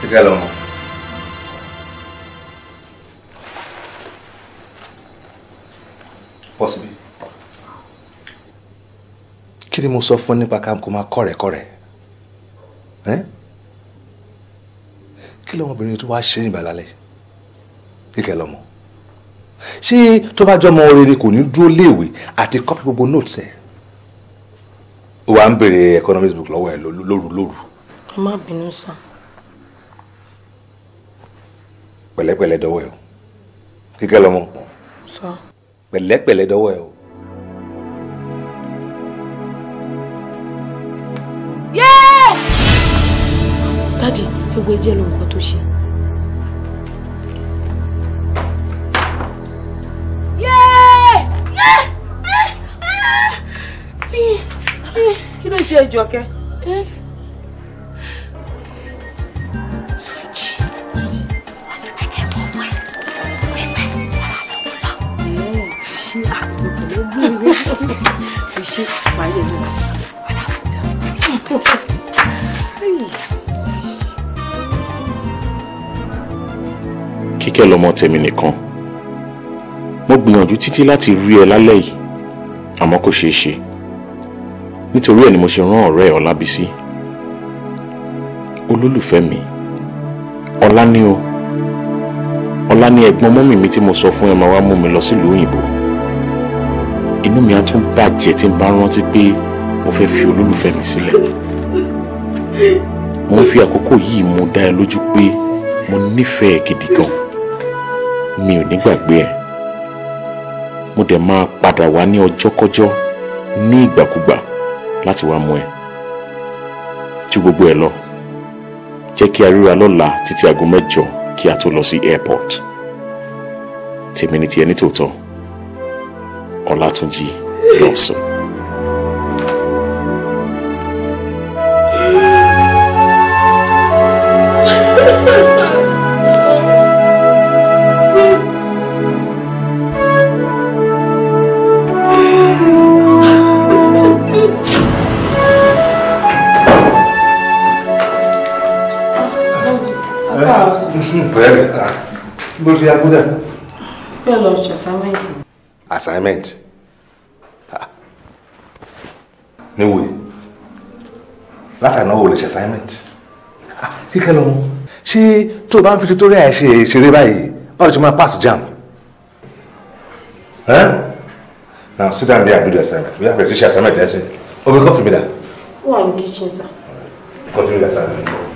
Fica longo. Possibly. Kí ni mo sọ fún nípa ká kó máa kọ̀rẹ̀kọ̀rẹ̀? Kí lọ́mọbìnrin tó wá ṣe ìgbà lálẹ́? Kíkẹ́ lọ́mọ. Ṣé tó bá jọmọ rere kò ní dúró léèwé àti kọ́pì gbogbo notes ẹ̀? Ó wá ń bèrè economics book lọ́wọ́ ẹ̀ lóru lóru. Ẹ má bínú sá. Pẹ̀lẹ́pẹ̀lẹ́ dọ́wọ́ ẹ̀ o. Kíkẹ́ lọ́mọ. Sá. So pẹ̀lẹ́pẹ̀lẹ́ dọ́wọ́ ẹ o. dádì ewu ẹjẹ ló nǹkan tó ṣe. kí ló ṣe Jọkẹ́. sí àgbẹ̀kùnrin bí mi fi ṣe wáyé mi aláfọdà. kíkẹ́ lọmọ tèmi nìkan mo gbìyànjú títí láti rí ẹ lálẹ́ yìí àmọ́ kò ṣeé ṣe nítorí ẹ̀ ni mo ṣe rán ọ̀rẹ́ Ọlábísí olólùfẹ́ mi ọlá ní o ọlá ní ẹ̀gbọ́n mọ́mì mi tí mo sọ fún ẹ máa wá mú mi lọ sílùú òyìnbó inú mi á tún bàjẹ́ tí n bá rántí pé mo fẹ́ fi olólùfẹ́ mi sílẹ̀ mo ń fi àkókò yìí mo dá ẹ lójú pé mo nífẹ̀ẹ́ gidi gan mi ò ní ẹ mo dẹ̀ máa padà wá ní ọjọ́kọ́jọ́ ní ìgbàkúgbà láti wá mú ẹ ju gbogbo ẹ lọ jẹ́ kí a ríra lọ́la títí aago mẹ́jọ kí a tó lọ sí airport tèmi ni tiẹ̀ nítòótọ́. Ọlátúnjí Lawson. Pega, tá. Bom dia, Buda. Você essa mãe. assignment níwèé látàná ò lè ṣe assignment kíkẹ́ lọ́mọ ṣé tó o bá ń fi tutorial ẹ̀ ṣe ìṣeré báyìí ọ̀rọ̀ tí o máa pass jam. now sit down there and do the assignment we have a teacher assignment lesson omi kọ́ fún mi dà. wọ́n á ń kí ṣe sá. continue the assignment.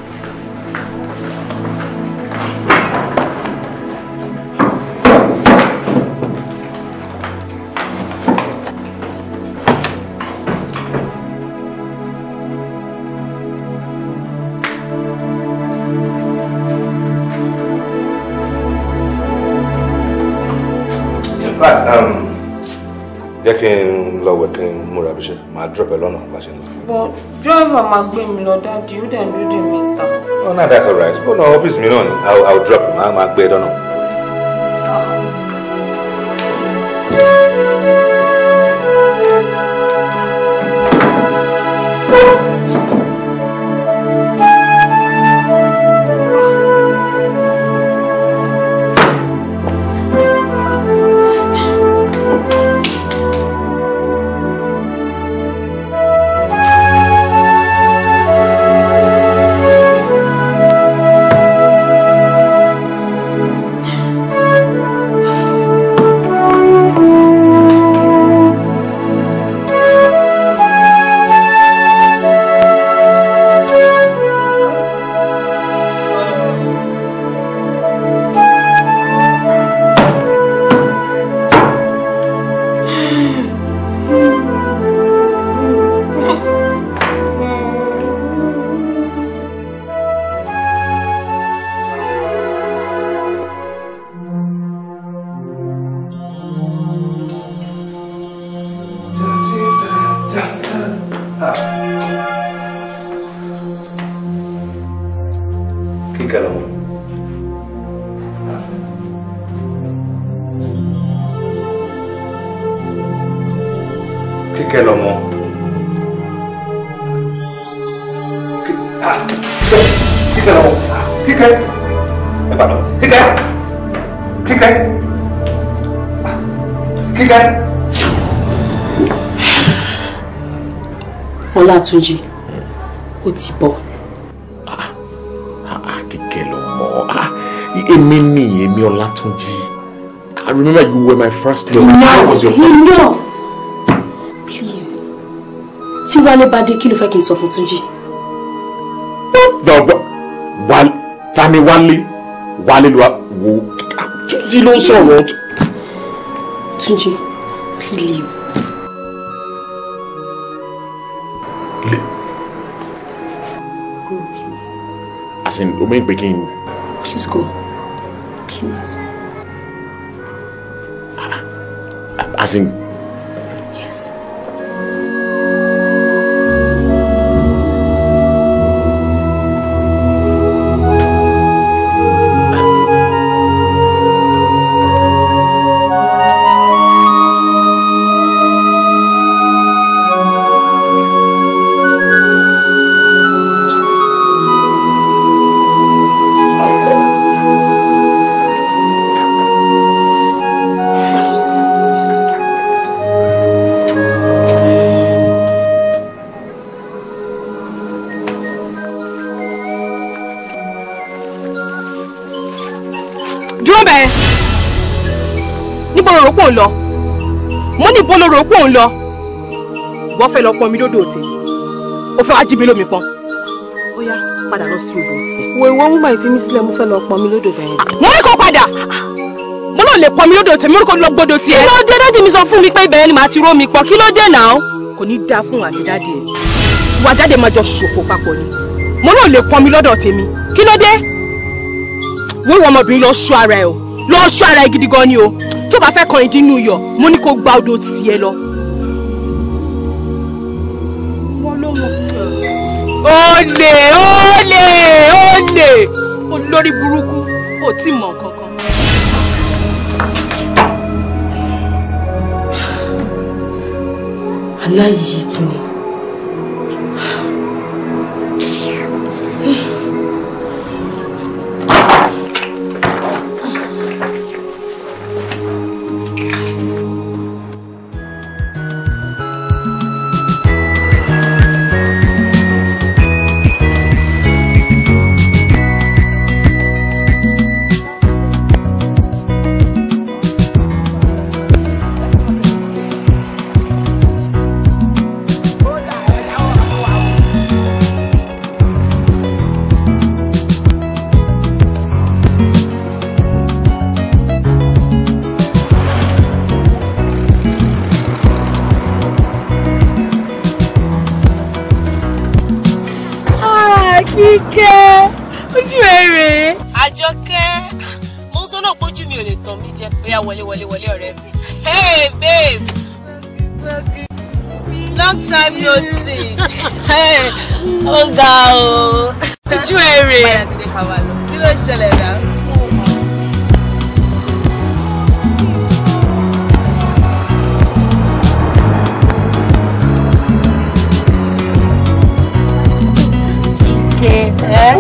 máa drop ẹ lọ́nà bá ṣe ń lọ. bọ driver máa gbé mi lọ dáàdi ó dẹ̀ dúdú mi ta. oh na that's alright bó na ọ́fíìsì mi náà ni i will drop you máa gbé ẹ e Túnjí ó ti bọ̀. Ah, ah, ah, kíkẹ́ ló mọ̀ èmi ni èmi Ọlátúnjí I remember you were my first love. No, I was your first. no please tí Wálé bá dé kí ló fẹ́ kí n sọ fún Túnjí. ta ni Wálé Wálé ló wá wo Túnjí ló ń sọ̀rọ̀. Túnjí please leave. As in, o mean picking. Please go. Please. As in, mò ń lọ wọ́n fẹ́ lọ pọn mi lódò òtẹ ó fẹ́ wá jí mi lómi pọn ó yá padà lọ sí odò òtẹ. wo ìwọ mú màá fi mí sílẹ̀ mo fẹ́ lọ pọn mi lódò bẹ̀rẹ̀. mo ní kó padà mo náà lè pọn mi lódò òtẹ mi kò lọ gbọdọ̀ tiẹ̀. kí ló dé dájú mi sọ fún mi pé ibẹ̀rẹ̀ ni màá ti rómi pọn kí ló dé náà. kò ní dáa fún àti dáàdì ẹ ìwà jáde máa jọ ṣòfò papọ̀ ni mo náà lè pọn mi lọ́dọ̀ tèmi kí ló dé. wo ìwọ ọmọbìnrin lọ ṣọ́ ara ẹ o lọ ṣọ́ ara ẹ gidi gan ni o tó bá fẹ́ kọrin dín nú yọ mo ní kó gba odò tiẹ̀ lọ olè olè olè olórí burúkú ò tí mọ̀ kankan. aláyìí tún ni. wọlé wọlé mi. hey babe long time no see. Hey, ga o. ojú èrè. báyà kìdé ká wà lọ kí ló ṣẹlẹ̀ náà.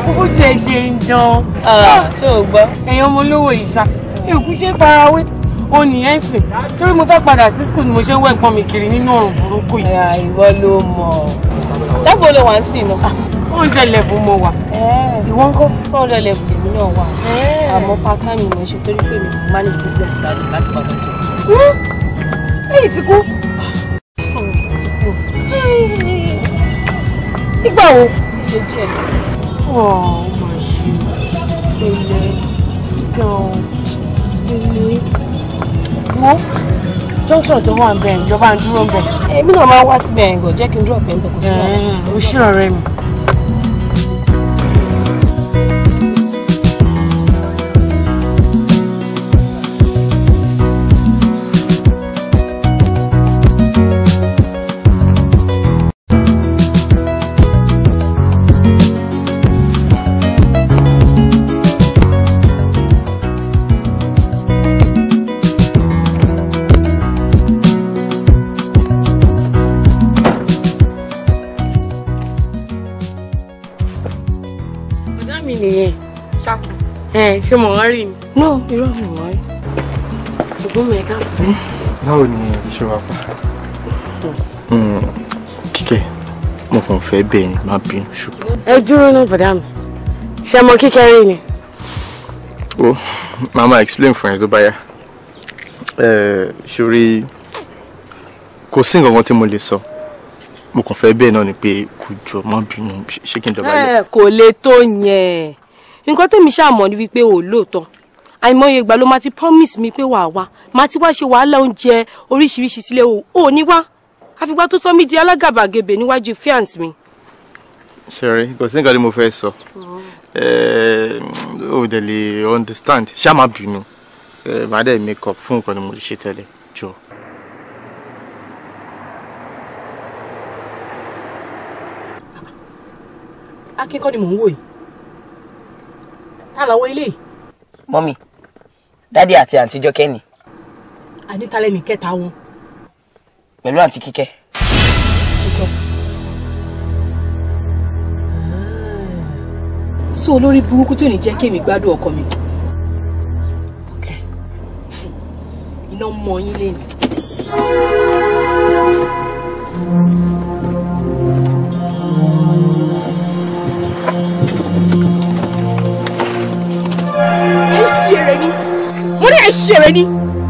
kúkú ju ẹ ṣe ń dán. Ah, ṣé o gbọ́. ẹ̀yin ọmọ olówó ìsà èkú ṣe farawé ó nìyẹn sìn torí mo fẹ́ padà sí skul ni mo ṣe ń wọ ẹ̀gbọ́n mi kiri nínú ọ̀rùn burúkú yìí. ìwọ ló mọ̀ dábò ló wà ń sìn náà. wọ́n jẹ lẹ́bù mo wà. ìwọ ń kọ́ wọ́n jẹ lẹ́bù lèmi náà wà. àmọ́ part time mo ṣe torí pé mi manage business dájú láti padà tó. èyí ti kú. nígbà wo. ṣe díẹ̀. ọ̀ ọ́ máa ṣe ilẹ̀ gan-an wo junction tó wà ń bẹ ìjọba ń dúró ń bẹ. èmi náà máa wá síbẹ̀ yẹn gbọ́ jẹ́ kí n dúró ọ̀bẹ ń bẹ kó sí ọ̀rẹ́ mi. ṣé mò ń rí ni. no irọ́ mi mọ̀ rí ṣùgbọ́n mi ká sọ. Hmm, báwo ni iṣẹ́ wa pa. Hmm, kíkẹ́ mo kàn fẹ́ bẹ́ẹ̀ ni má bínú ṣùgbọ́n. ẹ dúró náà bàdá mi ṣe mọ kíkẹ́rì ni. o màmá explain fún ẹ tó bá yá ṣorí kò sí nǹkan kan tí mo lè sọ mo kàn fẹ́ bẹ́ẹ̀ náà ni pé kò jọ má bínú ṣé kí n dọ̀bálẹ̀. ẹ kò lè tó yẹn nǹkan tèmi ṣàmọ̀ ni wípé ò lóòótọ́ àìmọye ìgbà ló máa ti promise mi pé wàá wá máa ti wá ṣe wàhálà oúnjẹ oríṣiríṣi sílẹ̀ o ò ní wá àfìgbà tó sọ mí di alágàbàgebè níwájú fiance mi. ṣeré kò sí nǹkan tí mo fẹ́ sọ ó dẹ̀ lè understand ṣá má bínú màá dẹ̀ make up fún nǹkan tí mo lè ṣe tẹ́lẹ̀ jọ. akẹ́kọ̀ọ́ ni mò ń wò yìí ta làwọn eléyìí. mọ́mì dádì àti àǹtí jọkẹ́ ni. ànítalẹ̀ ní kẹta wọn. pẹ̀lú àǹtí kíkẹ́. so olórí burúkú tí ò ní jẹ́ kí èmi gbádùn ọkọ mi. iná mọ yín lé ni. thank you ṣeré ní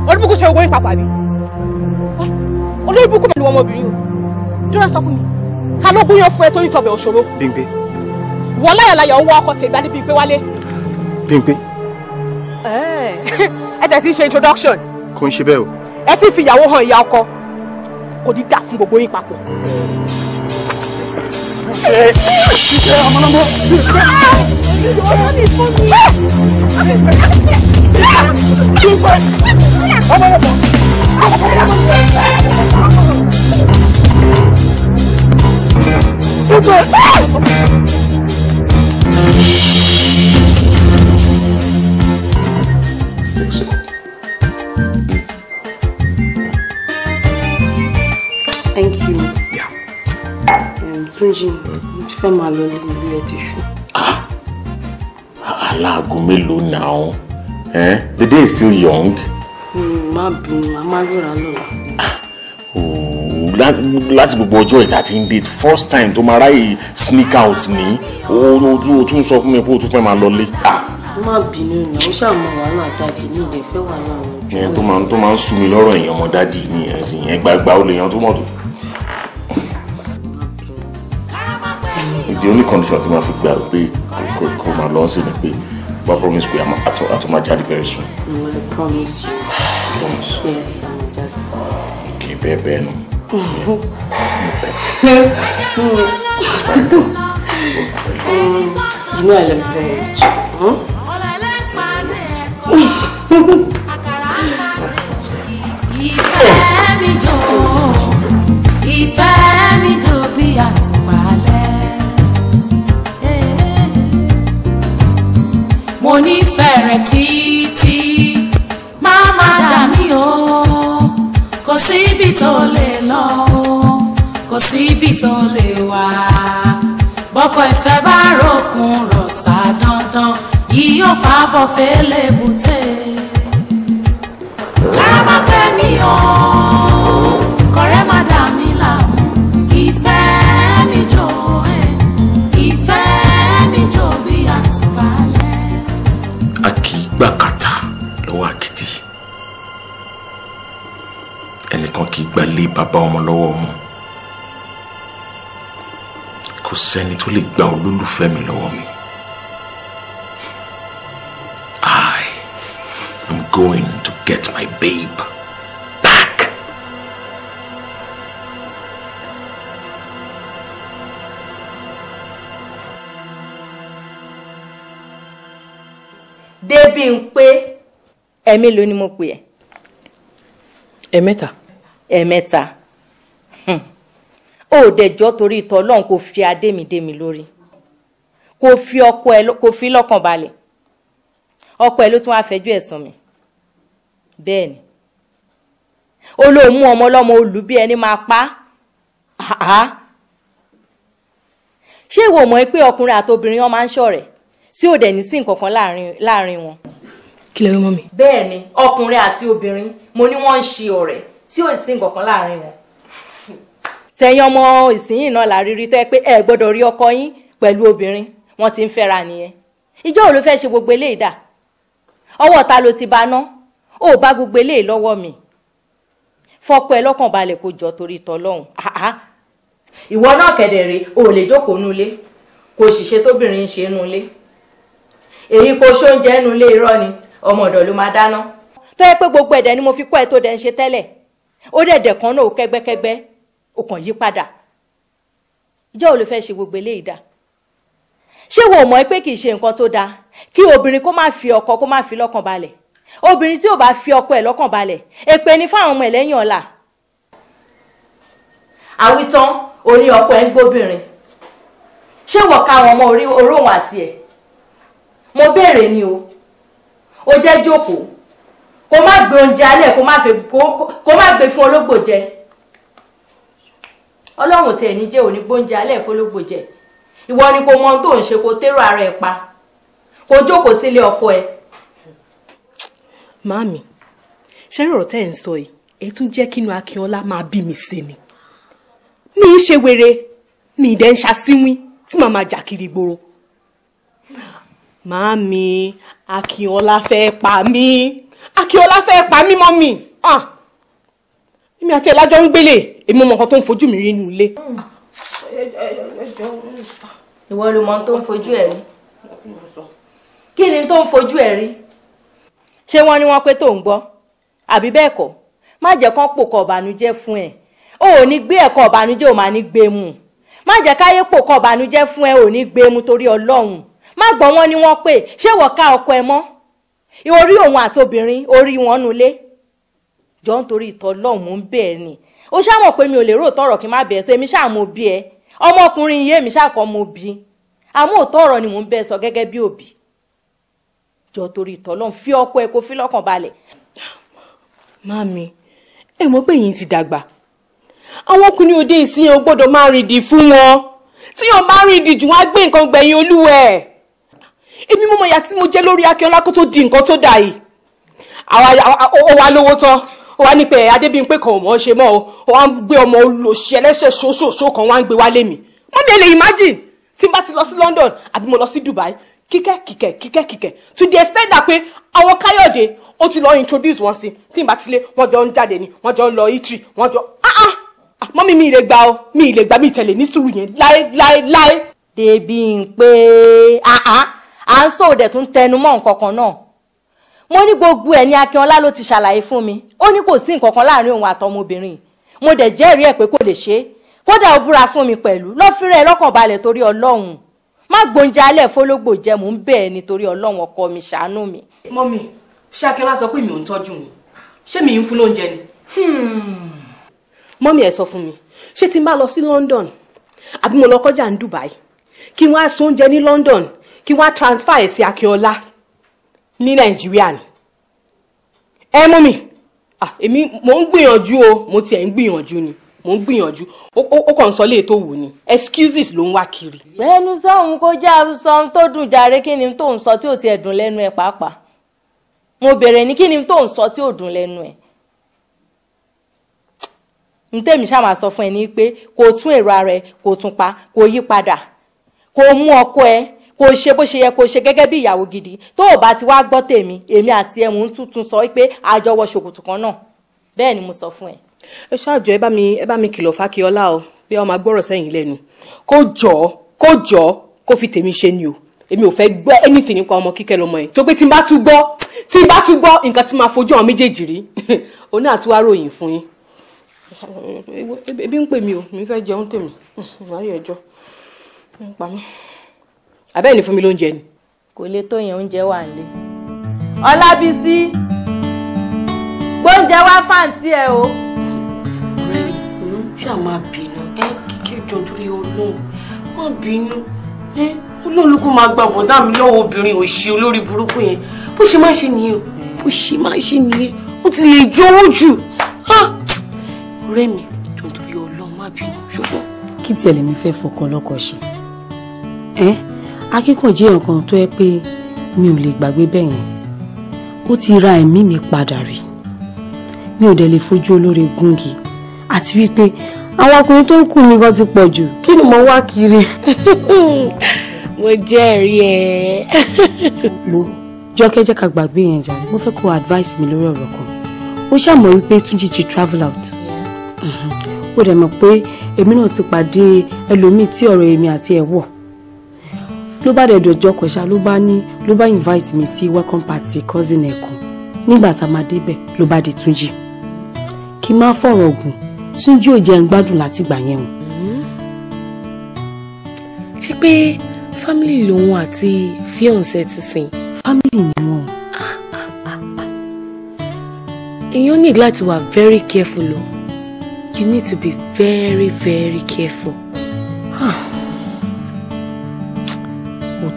olóbùkún ṣe ogun ìpapà mi ah, olóbùkún mẹ́lú ọmọbìnrin o dúró sọ fún mi ta ló gún yàn fún ẹ tó ní tọbẹ̀ òṣòro. Bímpé. wọ́n láyàláyà owó ọkọ̀ tèmi àti Bímpé wálé. Bímpé. ẹ tẹ̀ sí ṣe introduction. kò ń ṣe bẹ́ẹ̀ o. ẹ ti fi ìyàwó hàn ìyá ọkọ kò ní dà fún gbogbo yín papọ̀. ọmọ náà mọ. Thank you. Yeah. Um, Tunji, mo ti fẹ́ máa lọ lórí ẹ̀ ti ṣù aláàgọ́ mélòó now, eh? the day is still young. Hmm, má bínú a máa ríra lọ́la. láti gbogbo ọjọ́ ìta ti ń date first time tó máa ráyè sneak out ní o tún sọ fún mi pé o tún fẹ́ máa lọlé. Ah! má bínú ni ó ṣàmù wàhálà dáàdì ní ilé fẹ́ wà náà. ìyẹn tó máa ń tó máa ń sú mi lọ́rọ̀ èèyàn ọmọ dáàdì ní ẹ̀sìn ìyẹn gbagba ó lè yan tó mọ̀ tó. ìdí oníkọ̀ndíṣàn tó máa fi gbà pé kó máa lọ sí ni pé bá promise pé a tó máa jáde very soon. No, I promise you. promise. yes I'm jáde. kì í bẹ́ẹ̀ bẹ́ẹ̀ You know I love you very much. Huh? ìfẹ́ mi jò ìfẹ́ mi jò bí mo nífẹ̀ẹ́ rẹ̀ títí má má dà mí o kò síbi tó lè lọ o kò síbi tó lè wà bọ́kọ̀ ìfẹ́ bá ròkun rọ̀ dandan yìí yóò fàbọ̀ fẹ́lẹ́ bùtẹ́ ká má fẹ́ mi o. gbà lọ́wọ́ àkìtì ẹnìkan kì í gbà lé bàbá ọmọ lọ́wọ́ ọmọ kò sẹ́ni tó lè gba olólùfẹ́ mi lọ́wọ́ mi I am going to get my babe. bí n pé ẹ̀mélòó ni mo pe ẹ ẹ̀mẹ́ta. ẹ̀mẹ́ta ó dẹjọ́ torí ìtọ́ ọlọ́run kò fi adémidémi lórí kò fi ọkọ ẹ kò fi lọ́kàn balẹ̀ ọkọ ẹ ló tún mi bẹ́ẹ̀ ni olóòmú ọmọ ọlọ́mọ olùbí ẹni máa pa á ṣé ìwọ pé ọkùnrin àtobìnrin wọn máa ń ṣọ̀rẹ́ tí ò dẹ̀ ní sí nǹkan wọn. kí lẹ wí mọ́mì. bẹ́ẹ̀ ni ọkùnrin àti obìnrin mo ní wọ́n ń ṣe ọ̀rẹ́ tí ò sí nǹkan kan láàrin wọn. tẹ̀yìn ọmọ ìsinyìí náà la rí rí tó yẹ pé ẹ gbọ́dọ̀ rí ọkọ yín pẹ̀lú obìnrin wọn ti ń fẹ́ra nìyẹn ìjọ òòlù fẹ́ ṣe gbogbo eléyìí dà ọwọ́ ta ló ti bá ná ó bá gbogbo eléyìí lọ́wọ́ mi fọkọ ẹ lọ́kàn balẹ̀ kó jọ torí tọlọ́hún ìwọ náà kẹ̀dẹ̀rẹ̀ o lè jókòó nulẹ̀ kò sì ṣe tóbìnrin ń ṣe nulẹ̀ èyí kò ṣóúnjẹ nulẹ̀ irọ́ ni ọmọ ọ̀dọ̀ ló máa dáná. tó yẹ pé gbogbo ẹ̀dẹ̀ ni mo fi kọ́ ẹ tó dẹ̀ ń ṣe tẹ́lẹ̀ ó dẹ̀dẹ̀ kan náà ó kẹ́gbẹ́kẹ́gbẹ́ ó kàn yí padà ìjọ ò lè fẹ́ ṣe gbogbo eléyìí dà ṣé wo mọ̀ pé kì í ṣe nǹkan tó dáa kí obìnrin kó má fi ọkọ kó má fi lọ́kàn balẹ̀ obìnrin tí ò bá fi ọkọ ẹ̀ lọ́kàn balẹ̀ èpè ni fáwọn ọmọ ẹ̀ ọ̀la. àwítán òní ọkọ ẹ̀ ń gbóbìnrin ṣé wọ́n ká àwọn ọmọ orí òun àti ẹ̀ mo béèrè ni o ó jẹ́ jókòó kó má gbé oúnjẹ alẹ́ kó má gbé fún ológbò jẹ ọlọ́run tiẹ̀ ní jẹ́ òní gbóúnjẹ alẹ́ fọlógbò jẹ ìwọ ni kò mọ ohun tó ń ṣe kó tẹ́rọ ara ẹ̀ pa kó jókòó sílé ọkọ ẹ̀. màámi ṣé ọ̀rọ̀ tẹ́ ẹ̀ ń sọ yìí èyí tún jẹ́ kínú akínọlá máa bí mi sí ni mi ń ṣe wèrè mi ì dẹ́ ń ṣàṣìwín tí màá máa jà kiri gbòòrò akínọlá fẹ́ pa mí akínọlá fẹ́ pa mí mọ́ mi ah. èmi àti ẹ̀ lájọ ń gbélé èmi mọ nǹkan tó ń fojú mi rí inú ilé. Hmm. ìwọ ló mọ tó ń fojú ẹ rí kí ni tó ń fojú ẹ rí. ṣé wọ́n ní wọ́n pé tó ń gbọ́ àbí bẹ́ẹ̀ kọ́ má jẹ́ kán pòkọ̀ ọ̀bànújẹ́ fún ẹ̀ o ò ní gbé ẹ̀kọ́ ọ̀bànújẹ́ ò máa ní gbé mu má jẹ́ káyé pòkọ̀ ọ̀bànújẹ́ fún ẹ ò ní gbé mu torí ọlọ́run má gbọ́ wọn ni wọ́n pè ṣé wọ́n ká ọkọ ẹ mọ́ orí òun àti obìnrin orí wọn nulẹ̀ jọ nítorí ìtọ́ lọ́hùn ń bẹ̀ ẹ́ ni ó ṣàmọ̀ pé mi ò lè rò tọ̀rọ̀ kí n má bẹ̀ ẹ́ sọ èmi ṣáà mo bí ẹ ọmọkùnrin yìí èmi ṣáà kọ́ mo bí àmọ́ òótọ́ ọ̀rọ̀ ni mò ń bẹ̀ ẹ́ sọ gẹ́gẹ́ bí òbí jọ torí ìtọ́ lọ́hùn fi ọkọ ẹ kó fi lọ́kàn balẹ̀. mami ẹ mọ̀ pé yìí ti dàgbà àwọn ọkùnrin òde ìsìn ò gbọ́dọ̀ máa rìndì fún wọn tí wọn bá rìndì jù wọn á gbé nǹkan gbẹ̀yìn olúwẹ̀ẹ́ èmi mo ìyá tí mo jẹ́ lórí akínọlá kó tó di nǹkan tó dà yìí ó wá lówó tán ó wá nípa adébíyìnpé kan ò mọ̀ ṣe mọ́ ó wá ń gbé ọmọ olóṣì ẹlẹ́ṣẹ̀ ṣoṣooṣo kan wá ń gbé wá lémi mọ́mí ẹ lè imagine tí n bá ti lọ sí London àbí mo lọ sí Dubai kíkẹ́ kíkẹ́ kíkẹ́ kíkẹ́ to the extent that pé àwọn káyọ̀dé ó ti lọ introduce wọn sí tí n bá ti lé wọ́n jọ ń jáde ni wọ́n jọ ń lọ Italy wọ́n jọ ah ah, ah mọ́mí mi ìlè gba ọ mi ìlè gba mi ìtẹ̀lẹ̀ ní sùúrù yẹn láéláéláé. débi pé ah ah à ń sọ òdẹ̀ tó ń tẹnu mọ́ nǹkan kan náà mo ní gbogbo ẹ̀ ní Akínọlá ló ti ṣàlàyé fún mi ó ní kò sí nǹkan kan láàrin òun àtọmọbìnrin mo dẹ̀ jẹ́rìí ẹ̀ pé kò lè ṣe kódà ó búra fún mi pẹ̀lú lọ́fíìrẹ́ ẹ lọ́kàn balẹ̀ torí ọlọ́run má gbóúnjẹ alẹ́ fọlọ́gbò jẹ́ mò ń bẹ̀ ẹ́ nítorí ọlọ́run ọkọ mi ṣàánú mi. mọ́mí ṣé Akínọlá sọ pé mi ò ń tọ́jú mi ṣé mi ń fún lóúnjẹ ni. Hmm. mọ́mí ẹ sọ fún mi ṣé tí n bá lọ sí London àbí mo lọ kọjá ní Dubai kí n wá sóúnjẹ ní London kí wọ́n á transfer ẹ̀ sí Akíọ́lá ní Nàìjíríà ni ẹ mú mi èmi mò ń gbìyànjú o mo tiẹ̀ ń gbìyànjú ni mò ń gbìyànjú ó kàn ń sọ léètò wù ni excuses ló ń wá kiri. lẹ́nu sọ́hun kó jẹ́ sọ́hun tó dùn jàre kí ni tó ń sọ tí ò tiẹ̀ dùn lẹ́nu ẹ̀ pàápàá mo bèrè ní kí ni tó ń sọ tí ò dùn lẹ́nu ẹ̀ ntẹ́mi ṣáà máa sọ fún ẹ ní pé kò tún èrò ara ẹ kò tún pa kò yí padà kò mú ọkọ ẹ kò ṣe bó ṣe yẹ kò ṣe gẹ́gẹ́ bí ìyàwó gidi tó o bá ti wá gbọ́ tèmi èmi àti ẹ̀mú ń tuntun sọ pé àjọwọ̀ ṣòkòtò kan náà bẹ́ẹ̀ ni mo sọ fún ẹ. ẹ ṣáàjọ ẹ bá mi ẹ bá mi kìlọ̀ fákiọlá o bí ọ máa sẹ́yìn lẹ́nu kó jọ kó jọ kó fi tèmi ṣe ni o èmi ò fẹ́ gbọ́ anything nípa ọmọ kíkẹ́ lọmọ yẹn tó pé tí n bá tún gbọ́ tí n bá tún gbọ́ nǹkan tí máa fojú àwọn méjèèjì rí òun náà wá ròyìn fún yín ebi ń pè mí o mi fẹ́ jẹun tèmi ìwádìí ẹjọ́ ń pa àbẹ́ẹ̀ ni fún mi lóúnjẹ ni. kò lè tó yẹn oúnjẹ wà nílé. ọlábísí gbóúnjẹ wá fáǹtì ẹ o. ọ̀rẹ́ mi ṣé àwọn máa bínú ẹ kíkẹ́ jọ torí olóhùn má bínú ẹ olóòlùkù máa gba bọ̀dá mi lọ́wọ́ obìnrin òṣì olórí burúkú yẹn bó ṣe máa ṣe nìyẹn bó ṣe máa ṣe nìyẹn ó ti lè jówó jù ọ̀rẹ́ mi jọ torí olóhùn má bínú ṣùgbọ́n. kí tiẹ̀ lèmi fẹ́ fọkọ lọ́kọ ṣe akíkàn jẹ́ nǹkan tó yẹ pé mi ò lè gbàgbé bẹ́ẹ̀ yẹn ó ti ra ẹ̀mí mi padà rí mi ò dẹ̀ lè fojú olóore gúngi àti wípé àwọn ọkùnrin tó ń kù mí gan ti pọ̀ jù kí ni mo wá kiri. mo jẹ́rìí ẹ̀. mo jọ́kẹ́ jẹ́ ká gbàgbé yẹn jà mo fẹ́ kó advice mi lórí ọ̀rọ̀ kan ó ṣàmọ̀ wípé Túnjí ti travel out ó dẹ̀ mọ̀ pé èmi náà ti pàdé ẹlòmíì tí ọ̀rọ̀ èmi àti ẹ̀ wọ̀ ló bá dẹ̀dọ̀ ẹjọ́ kọ̀ṣà ló bá ní ló bá invite me. sí welcome party cousin ẹ̀kan nígbà tá a máa débẹ̀ ló bá di túnjì kí n má fọ̀rọ̀ gùn túnjì ò jẹ́ ń gbádùn látìgbà yẹn o. ṣé pé family. lòun àti fiance ti sìn. Family ni wọn. èèyàn need láti wà very careful o you need to be very very careful.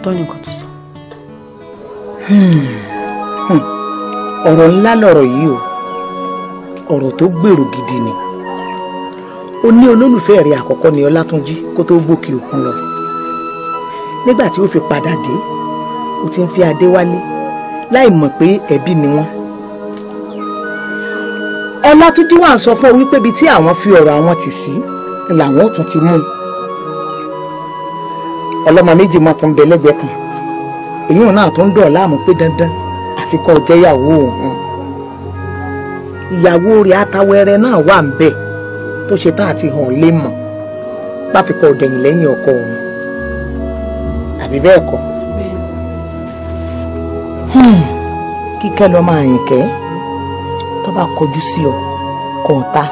òótọ́ ni nǹkan tó sọ. Hmm. Hmm. ọ̀rọ̀ ńlá lọ̀rọ̀ yìí o ọ̀rọ̀ tó gbèrò gidi ni ó ní olólùfẹ́ rẹ̀ àkọ́kọ́ ni ọlátúnjí kó tó gbòkè òkun lọ nígbà tí ó fi padà dé ó ti ń fi adé wálé láì mọ̀ pé ọlọ́mọ méjì mọ́ tó ń bẹ lẹ́gbẹ̀ẹ́ kan èyí wọn náà tó ń dọ̀ láàmú pé dandan àfikọ́ jẹ́ ìyàwó òun ìyàwó rẹ̀ atawẹ́rẹ́ náà wà ń bẹ̀ tó ṣe tán àti hàn lé mọ̀ báfikọ́ dẹ̀yìn lẹ́yìn ọkọ òun àbí bẹ́ẹ̀ kọ́ hmm. kíkẹ́ lọ́mọ àyìnkẹ́ tó bá kọjú sí ọ kọ̀ọ̀ta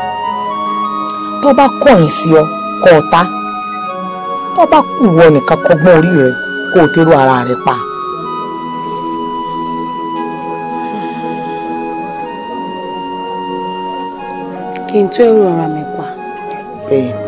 tó bá kọ̀yìn sí ọ kọ̀ọ̀ta tó bá kù wọ nìkan kọ́gbọ́n orí rẹ kó o tẹ́rù ara rẹ pa. kí n tó ẹrù ara mi pa. bẹ́ẹ̀ ni.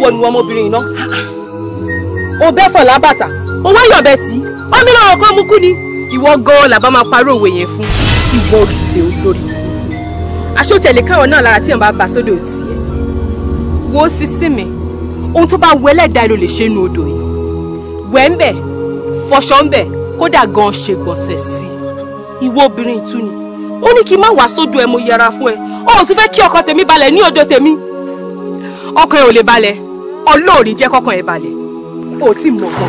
wọ ni ọmọbìnrin iná. o bẹ́ lábàtà o wá yọ̀bẹ tí omi lọ́rọ̀ kan mú kú ni. ìwọ gan làbá máa parí òwe yẹn fún ìwọ òrìlè olórí aṣọ́tẹ̀lẹ̀ káwọn náà lára tí wọn bá bá sódò tiẹ̀. wo sísìn mi ohun tó bá wọ ẹlẹ́dàá ló lè ṣe nu odò yìí wẹ̀ ń bẹ̀ fọṣọ ń bẹ̀ kódà gan ṣe gbọ̀nsẹ̀ sí i ìwọ obìnrin ìtúni ó ní kí n má wá sódò ẹ mo yẹra fún ẹ ó tún fẹ́ kí ọkọ tèmi balẹ̀ ní odò tèmi ọkọ ẹ ò lè balẹ̀ ọlọ́ọ̀ni jẹ́ kọ́kàn ẹ̀ balẹ̀ o ò tí mọ̀ ọ́.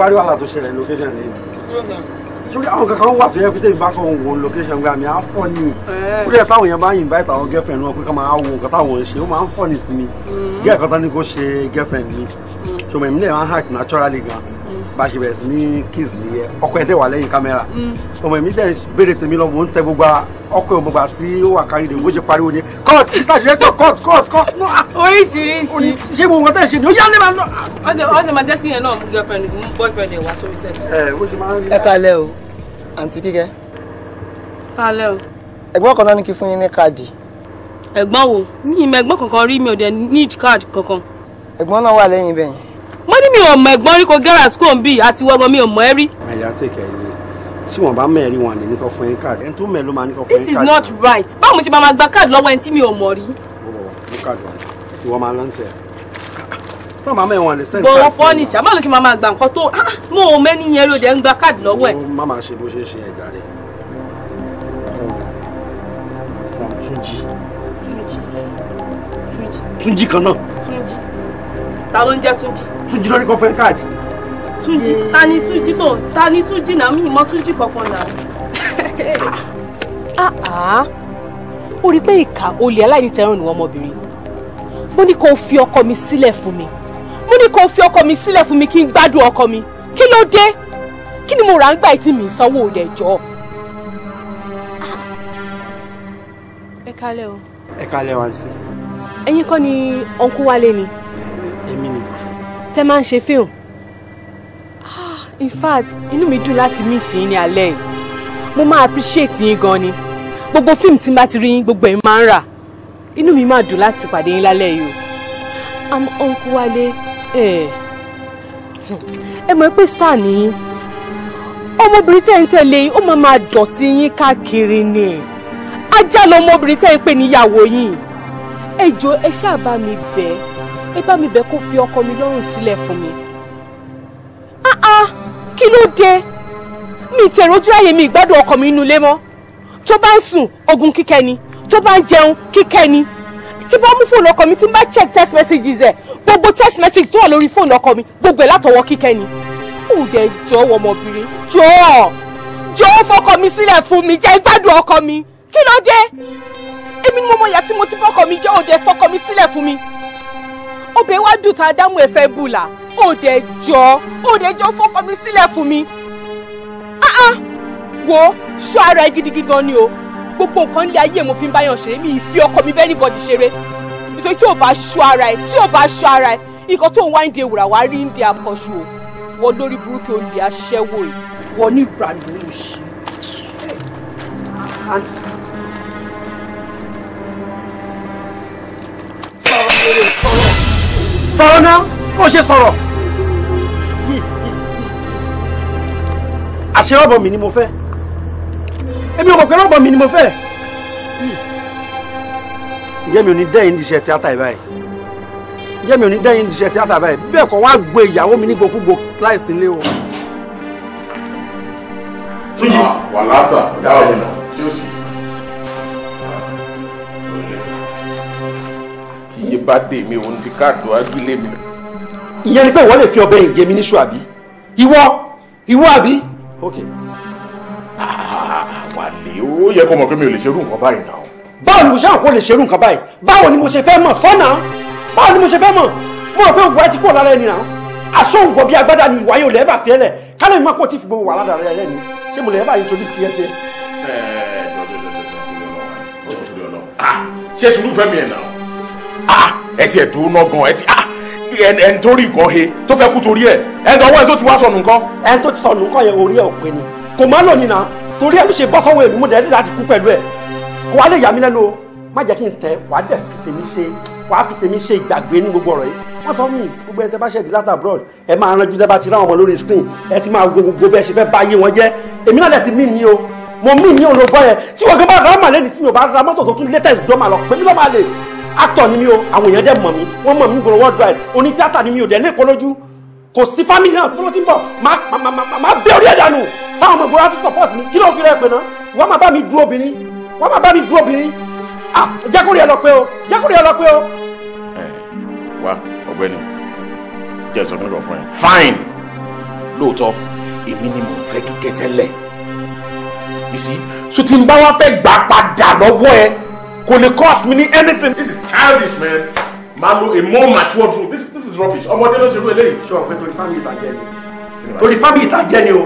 bá rí wàhálà tó ṣẹlẹ̀ location rẹ̀ sórí àwọn kankan wà tó yẹ pé tèmi bá kàn wò location gba mi á fọ́ ni eh. ó yẹ táwọn yẹn bá invite àwọn girlfriend wọn pé ká máa wo nǹkan táwọn ń ṣe ó máa ń fọ́ ni sí mi mm-hmm. gẹ́gẹ́ kan tán ni kò ṣe girlfriend mi mm. ṣùgbọ́n èmi náà máa ń hack naturally gan mm. bá ṣe bẹ̀rẹ̀ sí ní kiss nìyẹn ọkọ ẹ̀ dẹ̀ wà lẹ́yìn kámẹ́rà ọmọ mm. èmi dẹ̀ béèrè tèmi lọ mò ń tẹ gbogbo ọkọ ẹ̀ gbogbo àti ó wà kárí ṣe pariwo ni court mr director court court court. oríṣiríṣi ṣé gbogbo nǹkan tẹ̀ ṣe ni ó yá lẹ́bàá náà ọ̀sẹ̀ máa destiny náà ẹ kalẹ o àǹtí kíkẹ́. kalẹ o. ẹ̀gbọ́n kan náà ní kí fún yín ní káàdì. ẹ̀gbọ́n wo mi ì mọ ẹ̀gbọ́n kankan rí mi ò dẹ̀ need card kankan. ẹ̀gbọ́n náà wà lẹ́yìn bẹ́yìn. mo ní mi ò mọ ẹ̀gbọ́n rí ko gẹ́rà school bí àti wọ́n mi ò mọ ẹ́ rí. àyà tèkẹ́ ẹ̀ ṣe tí wọn bá mẹ́rin wọn lè ní fún yín káàdì ẹni tó mẹ́rin ló máa ní fún yín káàdì. this is not right báwo mo ṣe máa gba káàdì lọ́wọ́ ẹni tí mi ò mọ̀ rí. ìwọ máa lọ́ntẹ̀ fún màmá ẹ̀ wọn lè sẹ́yìn. bọ̀wọ̀ fọ́nìṣà má lè ṣe màmá gba nǹkan tó ah, mú òun mẹ́ni yẹn ló dẹ̀ ń gba káàdì lọ́wọ́ ẹ̀. má máa ṣe bó ṣe ṣe ẹ̀dá rẹ̀. Túnjí. Túnjí kan náà. Túnjí. ta ló ń jẹ́ Túnjí. Túnjí lórí kan fẹ́ káàdì. Túnjí ta ni Túnjí tó ta ni Túnjí náà mi ìmọ̀ Túnjí kankan náà. àá ah, ah. ó rí pé ìkà olè aláìnítẹ̀rùn ni wọ́n ọmọbìnrin mo ní kó o fi ọkọ mi sílẹ̀ fún mi kó fi ọkọ mi sílẹ̀ fún mi kí n gbádùn ọkọ mi kí ló dé kí ni mo rà ń gbà tí mi sanwó rẹ̀ jọ. ẹ kalẹ̀ o. ẹ kalẹ̀ o àǹtí. ẹ̀yin kọ́ ni ọ̀nkú wálé ni. èmi ni. tẹ máa ń ṣe fíìmù. Ah, in fact inú mi dùn láti meet yín ní alẹ́ yìí mo máa appreciate yín gan ni gbogbo fíìmù tí n bá ti rí yín gbogbo ẹ̀ máa ń rà inú mi máa dùn láti pàdé yín lálẹ́ yìí o. I'm Uncle Wale ẹ mọ̀ pé star ni ọmọbìnrin tẹ́ ń tẹ̀lé ó máa máa dọ̀tí yín káàkiri ni ajá lọmọbìnrin tẹ́ ń pè níyàwó yín ẹ jọ̀ọ́ ẹ ṣáà bá mi bẹ̀ ẹ bá mi bẹ̀ kó fi ọkọ mi lọ́rùn sílẹ̀ fún mi. kí ló dé mi tẹ̀rọ ojú ààyè mi ìgbádùn ọkọ mi nínú mọ́ tó bá ń sùn ogun kíkẹ́ ni tó bá ń jẹun kíkẹ́ ni tí bá mú fóònù ọkọ mi tí n check text messages ẹ gbogbo text message tó wà lórí fóònù ọkọ mi gbogbo ẹ látọwọ́ kíkẹ́ ni ó dẹ jọ̀wọ́ ọmọbìnrin jọ̀ọ́ jọ̀ọ́ fọkọ mi sílẹ̀ fún mi jẹ́ gbádùn ọkọ mi kí ló dé èmi ni mo mọ ìyá tí mo ti bọ́kọ mi jẹ́ òde fọkọ mi sílẹ̀ fún mi obè wá dùn tá a dámú ẹ fẹ́ bùlà òde jọ̀ọ́ òde jọ̀ọ́ fọkọ mi sílẹ̀ fún mi ah ah wo ṣọ́ ara ẹ gidigidi gan ni o gbogbo nǹkan lé ayé mo fi ń báyọ̀ ṣeré mi ìfi ọkọ mi bẹ́ẹ̀ nìbọ̀dì ṣeré nítorí tí ò bá ṣọ́ ara ẹ̀ tí ò bá ṣọ́ ara ẹ̀ nǹkan tó ń wá ń de wùrà wá rí ń de àkànṣe o wọ́n lórí burúkú olè aṣẹ́wó yìí wọ́n ní ìbàdàn ló ṣe. sọ̀rọ̀ náà bó ṣe sọ̀rọ̀ àṣẹ ọ̀bọ̀ mi ni mo fẹ́ èmi ò mọ̀ pé rọ́bọ̀ mi ni mo fẹ́. ǹjẹ́ mi ò ní dẹ́yìn díṣẹ́ tíátà yìí báyìí ǹjẹ́ mi ò ní dẹ́yìn díṣẹ́ tíátà báyìí bẹ́ẹ̀ kọ́ wá gbé ìyàwó mi ní gbogbo láìsí ilé o. Túnjí. Ah, wà látà dáwọ náà tí ó sì. kì í bá dé mi òun ti káàdù agbílẹ̀ mi. ìyẹn ni pé ìwọ lè fi ọbẹ̀ ìjẹ mi níṣu àbí ìwọ ìwọ àbí. okay. Ah, ó yẹ kó mọ̀ pé mi ò lè ṣerú nǹkan báyìí náà. báwo ni mo ṣe àwọn kò lè ṣerú nǹkan báyìí báwo ni mo ṣe fẹ́ mọ̀ sọ́nà báwo ni mo ṣe fẹ́ mọ̀ mo rò pé òwúwa ti kúrò lára ẹni náà aṣọ òǹgbọ̀ bíi agbádá ni ìwà yóò lẹ́ẹ̀bà fẹ́lẹ̀ kálẹ̀ mi máa kó tí fi gbogbo wàhálà rẹ̀ lẹ́nu ṣé mo lè bá introduce kí ẹ ṣe. ṣé sùúrù fẹ́ mi ẹ̀ náà ẹ ti ẹ̀ dùn náà gan ẹ ti ẹni tó rí nǹkan he tó fẹ́ kú torí ẹ̀ ẹ̀ ń tọ́wọ́ ẹ̀ tó ti wá sọnù nǹkan. ẹ̀ tó ti sọnù nǹkan yẹn orí ẹ̀ òpin ni kò má lò ní náà torí ẹ̀ ló ṣe bọ́ sọ́wọ́ èmi mo dẹ̀ ní láti kú pẹ̀lú ẹ̀ kó wá lè yà mí lẹ́nu o má jẹ́ kí n tẹ̀ wá dẹ̀ fi tèmi ṣe wá fi tèmi ṣe ìgbàgbé ní gbogbo ọ̀rọ̀ yìí wọ́n sọ fún gbogbo ẹni tẹ́ bá ṣẹ̀dí láti abroad ẹ máa ranjú tẹ́ bá ti ráwọn ọmọ lórí screen ẹ ti máa gbogbo bẹ́ẹ̀ ṣe fẹ́ bá yé wọn jẹ́ èmi náà dẹ̀ ti mí ni o mo mí ni òun bọ́ yẹn tí wọ́n gbé bá ra màlẹ́ ni tí mi ò bá ra mọ́tò tó tún latest dọ́mà lọ pẹ̀lú lọ́mà lè actor ni mi o àwọn èèyàn dẹ̀ mọ̀ mí wọ́n mọ̀ mí gbòòrò worldwide oní tíátà ni mi ò dẹ̀ lè polójú kò sí family náà bọ́lá ti ń bọ̀ máa bẹ́ orí ẹ̀ dànù táwọn ọmọ ìgboro àtúntò pọ̀ sí mi kí ló ń fi rẹ̀ pè náà wọ́n máa bá mi dúró obìnrin wọ́n máa bá mi dúró obìnrin ah jákòrè ẹ lọ pé o jákòrè ẹ lọ pé o. ẹ wá ọ̀gbẹ́ni jẹ sọ fún mi kọ fún ẹ. fine lóòótọ́ èmi ni mò ń fẹ́ kíkẹ́ tẹ́lẹ̀ bísí so tí n bá wá fẹ́ gbà padà lọ́wọ́ ẹ kò lè cost me ní anything. this is childish man máa a more matured room this this is rubbish ọmọdé ló ń ṣerú eléyìí. ṣé o pé torí fámìlì ta jẹ ni torí fámìlì ta jẹ ni o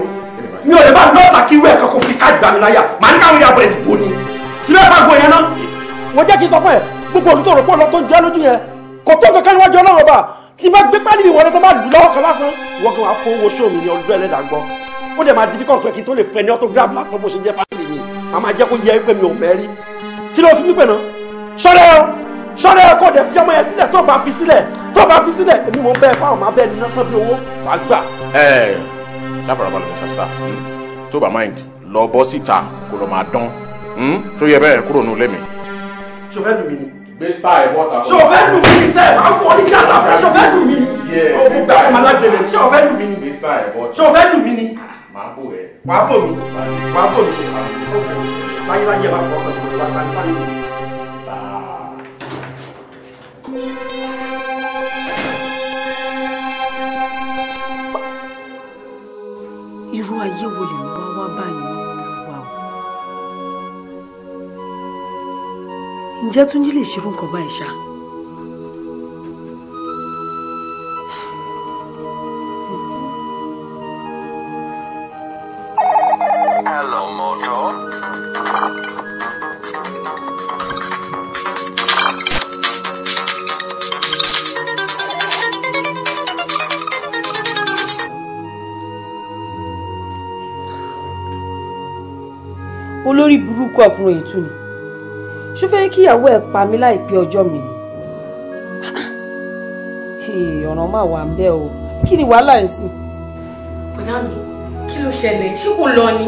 mi know lè bá lọ́ọ̀tà a wẹ́ẹ̀ kankan fi káàdì gbà mí láyà màá ní káwọn ilé abúlé sì bò ni kí ló fà gbọ́ yẹn náà. wọ́n jẹ́ kí n sọ fún ẹ gbogbo olùtọ̀ rẹ̀ pọ̀ lọ tó ń jẹ́ lójú yẹn kò tó kankan níwájú ọlọ́run ọba tí bá gbé pálí ìwọlé tó bá lù lọ́wọ́ kan lásán wọ́n kàn wá fún owó mi ní ọdún ẹlẹ́dàá gbọ́ ó dẹ̀ máa difficult fún ẹ kí n tó lè fẹ́ ní autograph lásán bó ṣe jẹ́ fámìlì mi màá máa jẹ́ kó yẹ pé mi ò mẹ́rí kí ló fi mí pè náà ṣọ́rẹ́ o sọ́dọ̀ ẹ̀ kọ́ dẹ̀ fi ọmọ yẹn sílẹ̀ tó bá fi sílẹ̀ tó bá fi sílẹ̀ èmi mò ń bẹ́ẹ̀ fáwọn máa bẹ́ẹ̀ níná tán bí owó wà á gbà. ẹ ẹ ṣàfarabalẹ̀ mr star hmm? tó bá mind lọ bọ́ síta kó lọ máa dán hmm? tó yẹ bẹ́ẹ̀ kúrò nù lẹ́mìí. ṣòfẹ́ lù mí ni. gbé star ẹ̀ bọ́ta. ṣòfẹ́ lù mí ni sẹ́ẹ̀ máa ń wọlé káàtà fún ṣòfẹ́ lù mí ni. òkú gbà ẹ̀ máa lájẹlẹ̀ ṣòfẹ́ lù mí ni. gbé star ẹ̀ bọ́ta. ṣòfẹ́ lù mí ni. máa bò ẹ̀. wàá bò mí wàá bò mí irú ayé wo lèmi wá wá báyìí ní o ǹjẹ́ Túnjí lè ṣe fún nǹkan báyìí ṣá. Hello, motor. olórí burúkú ọkùnrin ìtú ni ṣó fẹ́ kí ìyàwó ẹ̀ pa mí láìpẹ́ ọjọ́ mi ni ọ̀ràn máa wà ń bẹ́ẹ̀ o kí ni wàhálà ẹ̀ sí. bọ̀dá mi kí ló ṣẹlẹ̀ ṣé kò lọ ni.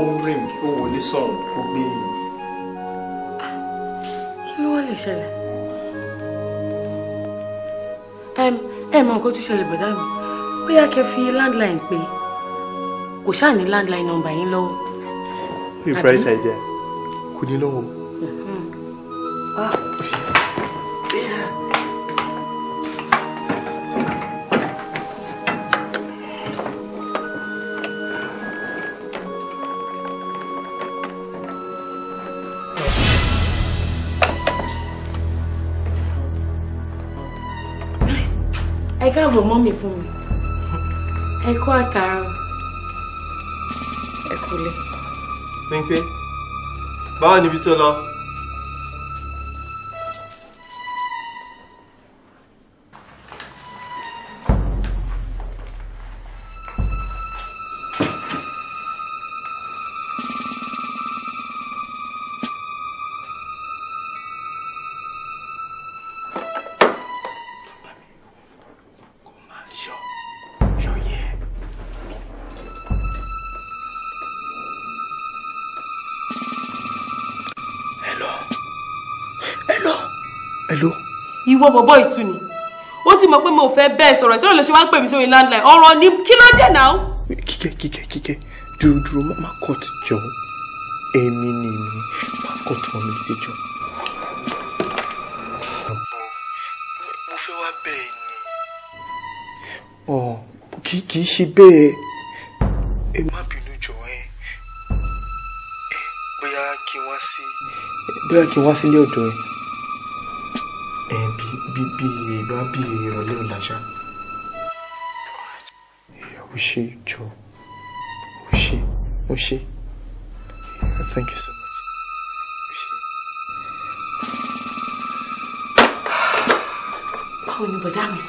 phone ring ó wọlé sọ̀hún ó gbé mi. kí ló wá lè ṣẹlẹ̀? ẹ mọ nǹkan tó ṣẹlẹ̀ bọ̀dá mi bóyá kẹ́ fi landline pé kò ṣáà ní landline number yín lọ́wọ́. bí bright idea kò ní lọ́wọ́. Mm-hmm. ah ẹ káàbọ̀ mọ́mì fún mi ẹ kú àtàrà ẹ kúlẹ̀. Bímpé báwo níbi tó lọ. ìwọ bọ̀bọ̀ ìtú ni ó ti mọ̀ pé mo fẹ́ bẹ́ẹ̀ sọ̀rọ̀ ìtọ́nà ló wá ń pè mí sórí landline ọ̀rọ̀ ni kí ló dé náà. kíkẹ́ kíkẹ́ kíkẹ́ dúró dúró má cut jọ èmi ni èmi ni má cut mọ́ mi létí jọ. mo fẹ́ wá bẹ́ẹ̀ ni. ọ kì í ṣe bẹ́ẹ̀ ẹ má bínú jọ ẹ bóyá kí n wá sí. bóyá kí n wá sílé ọ̀dọ̀ ẹ bíbí ìbá bí ìrọ̀lẹ́ ọ̀la ṣá. ṣe jọ ó ṣe ó ṣe thank you so much. báwo ni bọ̀dá mi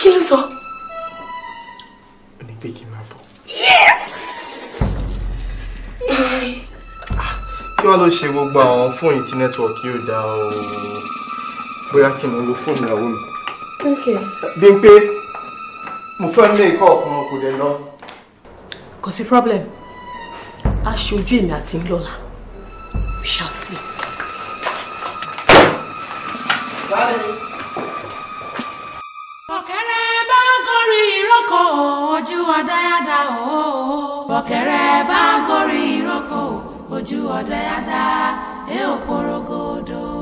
kí ló sọ. ó máa bọ̀. yes. Ah, kí wàá ló ṣe gbogbo àwọn fóònù tí nẹ́tíwọ̀kì yóò dá o bóyá kí n wo fóònù ìyàwó mi. bí n pé mo fẹ́ ní ikọ̀ ọ̀kan kò dẹ̀ lọ. kò sí problem a ṣe ojú èmi àti ń we shall see. bọ̀kẹ́rẹ́ bá gorí ìrókò ojú ọ̀dáyàdá o. bọ̀kẹ́rẹ́ bá gorí ìrókò ojú ọ̀dáyàdá ẹ̀ ò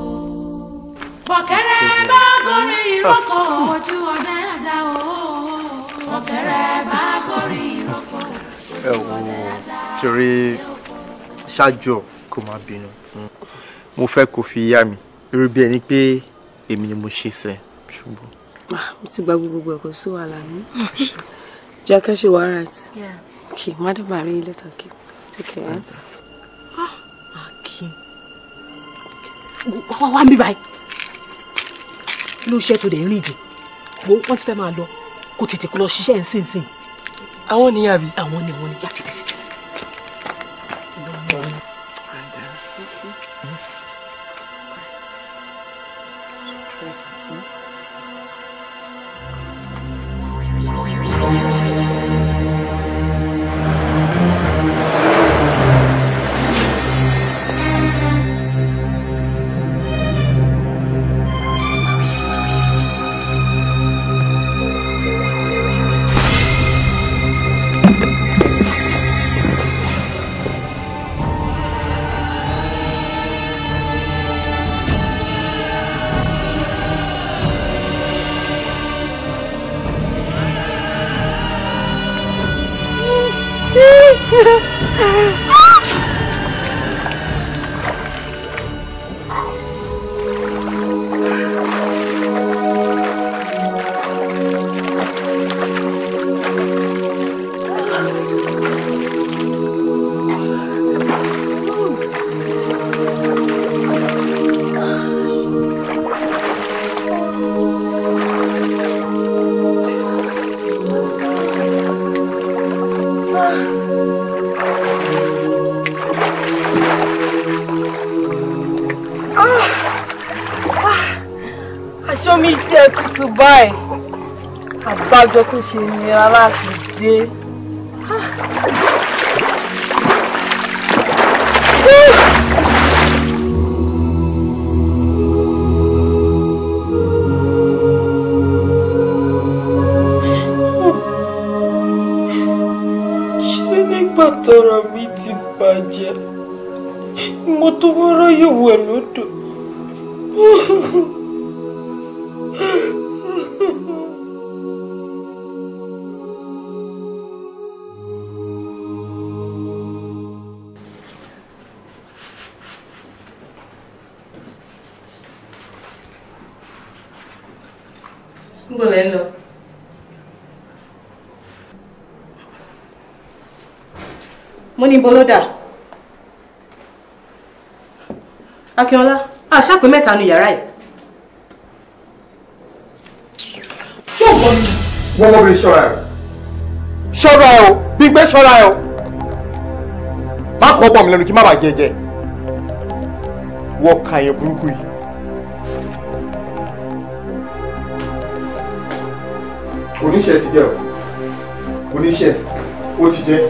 bọ̀kẹ́rẹ́ bá gorí ìrókò ojú ọdẹ àdá o bọ̀kẹ́rẹ́ bá gorí ìrókò ojú ọdẹ àdá o. torí ṣáájú kò má bínú mo fẹ́ kó fi yá mi irú bí ẹni pé èmi ni mo ṣe sẹ́ ṣùgbọ́n. Ah, mo ti gba gbogbo ẹ̀kọ́ sí wàhálà mi jẹ́ ṣe wàhálà tí kì í má dé bàá rí ilé tàkì tẹ̀kẹ̀ ẹ́. akin wá wá mi báyìí kí ló ṣe tó dẹ̀ ń rìn jù wo wọ́n ti fẹ́ máa lọ kó tètè kó lọ ṣiṣẹ́ ń sìn sìn. àwọn nìyàbí. àwọn ni wọn ni yá tètè sí báyìí àbájọ tó ṣe nira láti dé. ṣé nígbà tọ́rọ̀ mi ti bàjẹ́ mo tó wọ́rọ́ yòówù ẹ̀ lódò. ibo ló dà? Akínọlá, a ṣàpè mẹ́ta nu yàrá yìí. Ṣé ògbọ́n mi? Wọ́n wọ́n mi ṣọ́ra ẹ̀. Ṣọ́ra ẹ̀ o, Bímpé ṣọ́ra ẹ̀ o. Má kọ́ bọ̀ mí lẹ́nu kí má bàa jẹjẹ. Wọ́n ka yẹn burúkú yìí. Oníṣẹ́ ti jẹ́ o. Oníṣẹ́ ó ti jẹ́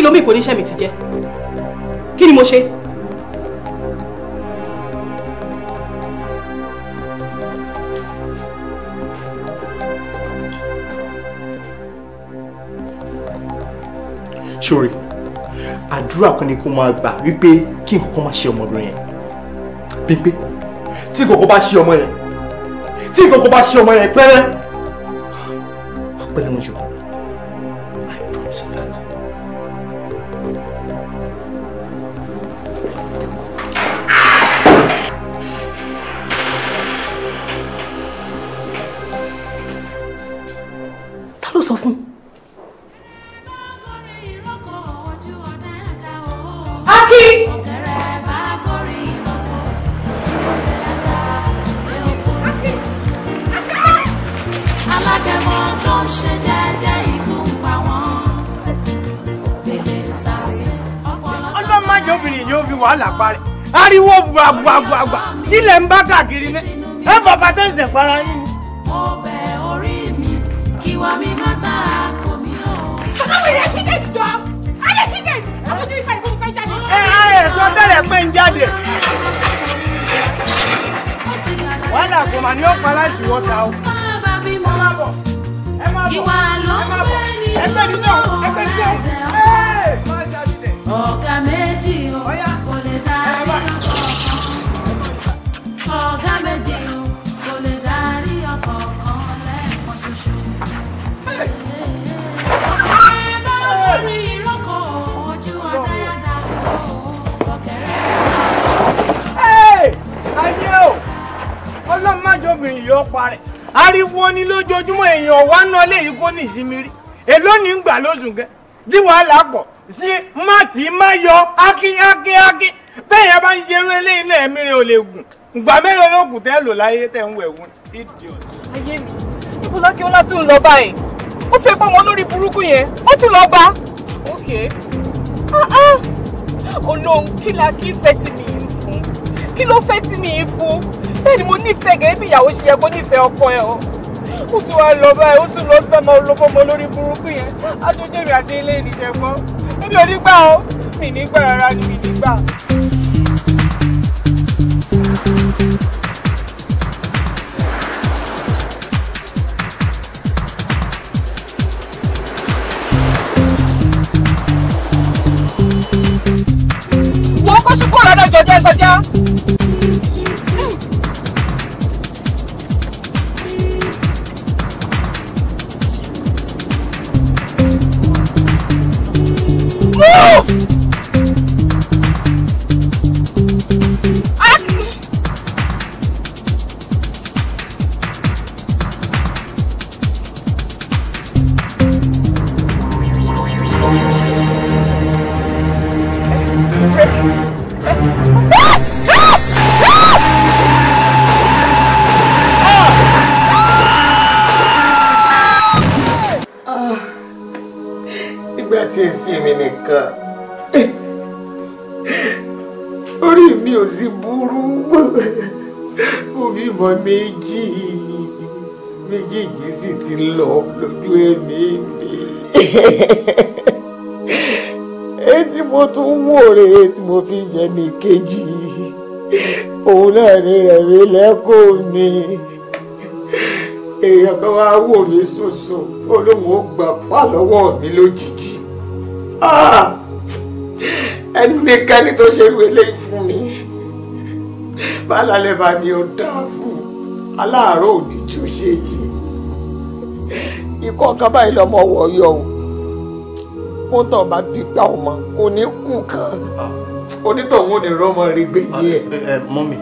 kí ló mú ìpò oníṣẹ́ mi ti jẹ́ kí ni mo ṣe. sori àdúrà kan ni kó máa gbà wípé kí nǹkan kan máa ṣe ọmọbìnrin yẹn pípé tí nǹkan kan bá ṣe ọmọ yẹn tí nǹkan kan bá ṣe ọmọ yẹn pẹ́rẹ́ ọpẹ́ ló ń gbà lóṣù kẹ tí wàhálà pọ̀ sí má tí yọ bá ń ṣerú eléyìí náà ole rẹ̀ ò lè gùn ìgbà láyé tẹ̀ o fẹ́ bá wọn lórí burúkú yẹn ó tún lọ bá. ok olóhùn ah, ah. kí la kí fẹ́ fún kí ni mo ọkọ ó tún wá lọ báyìí ó tún lọ sọmọ olóbọmọ lórí burúkú yẹn adójèmí àti ilé ìnìjẹgbọn níbi onígbà ó mi nígbà rárá ni mi nígbà. wọ́n fún òre tí mo fi yẹ ní kejì òun náà ní rẹ̀mí lẹ́kọ̀ọ́ mi èèyàn kan wá wò mí ṣoṣo olóhùn ó gbà fà lọ́wọ́ mi lójijì ah! ẹnikẹ́ni tó ṣe irú eléyìí fún mi bálálẹ̀ bá ní ó dáa fún aláàárọ̀ òní tún ṣe yìí ikú ọkàn lọ́mọ wọ̀ yọ̀ wọn tó bá bí gbà ọmọ kò ní kú kan onítọ̀hún ò ní rọ́mọ rí gbé yé ẹ. mọ́mì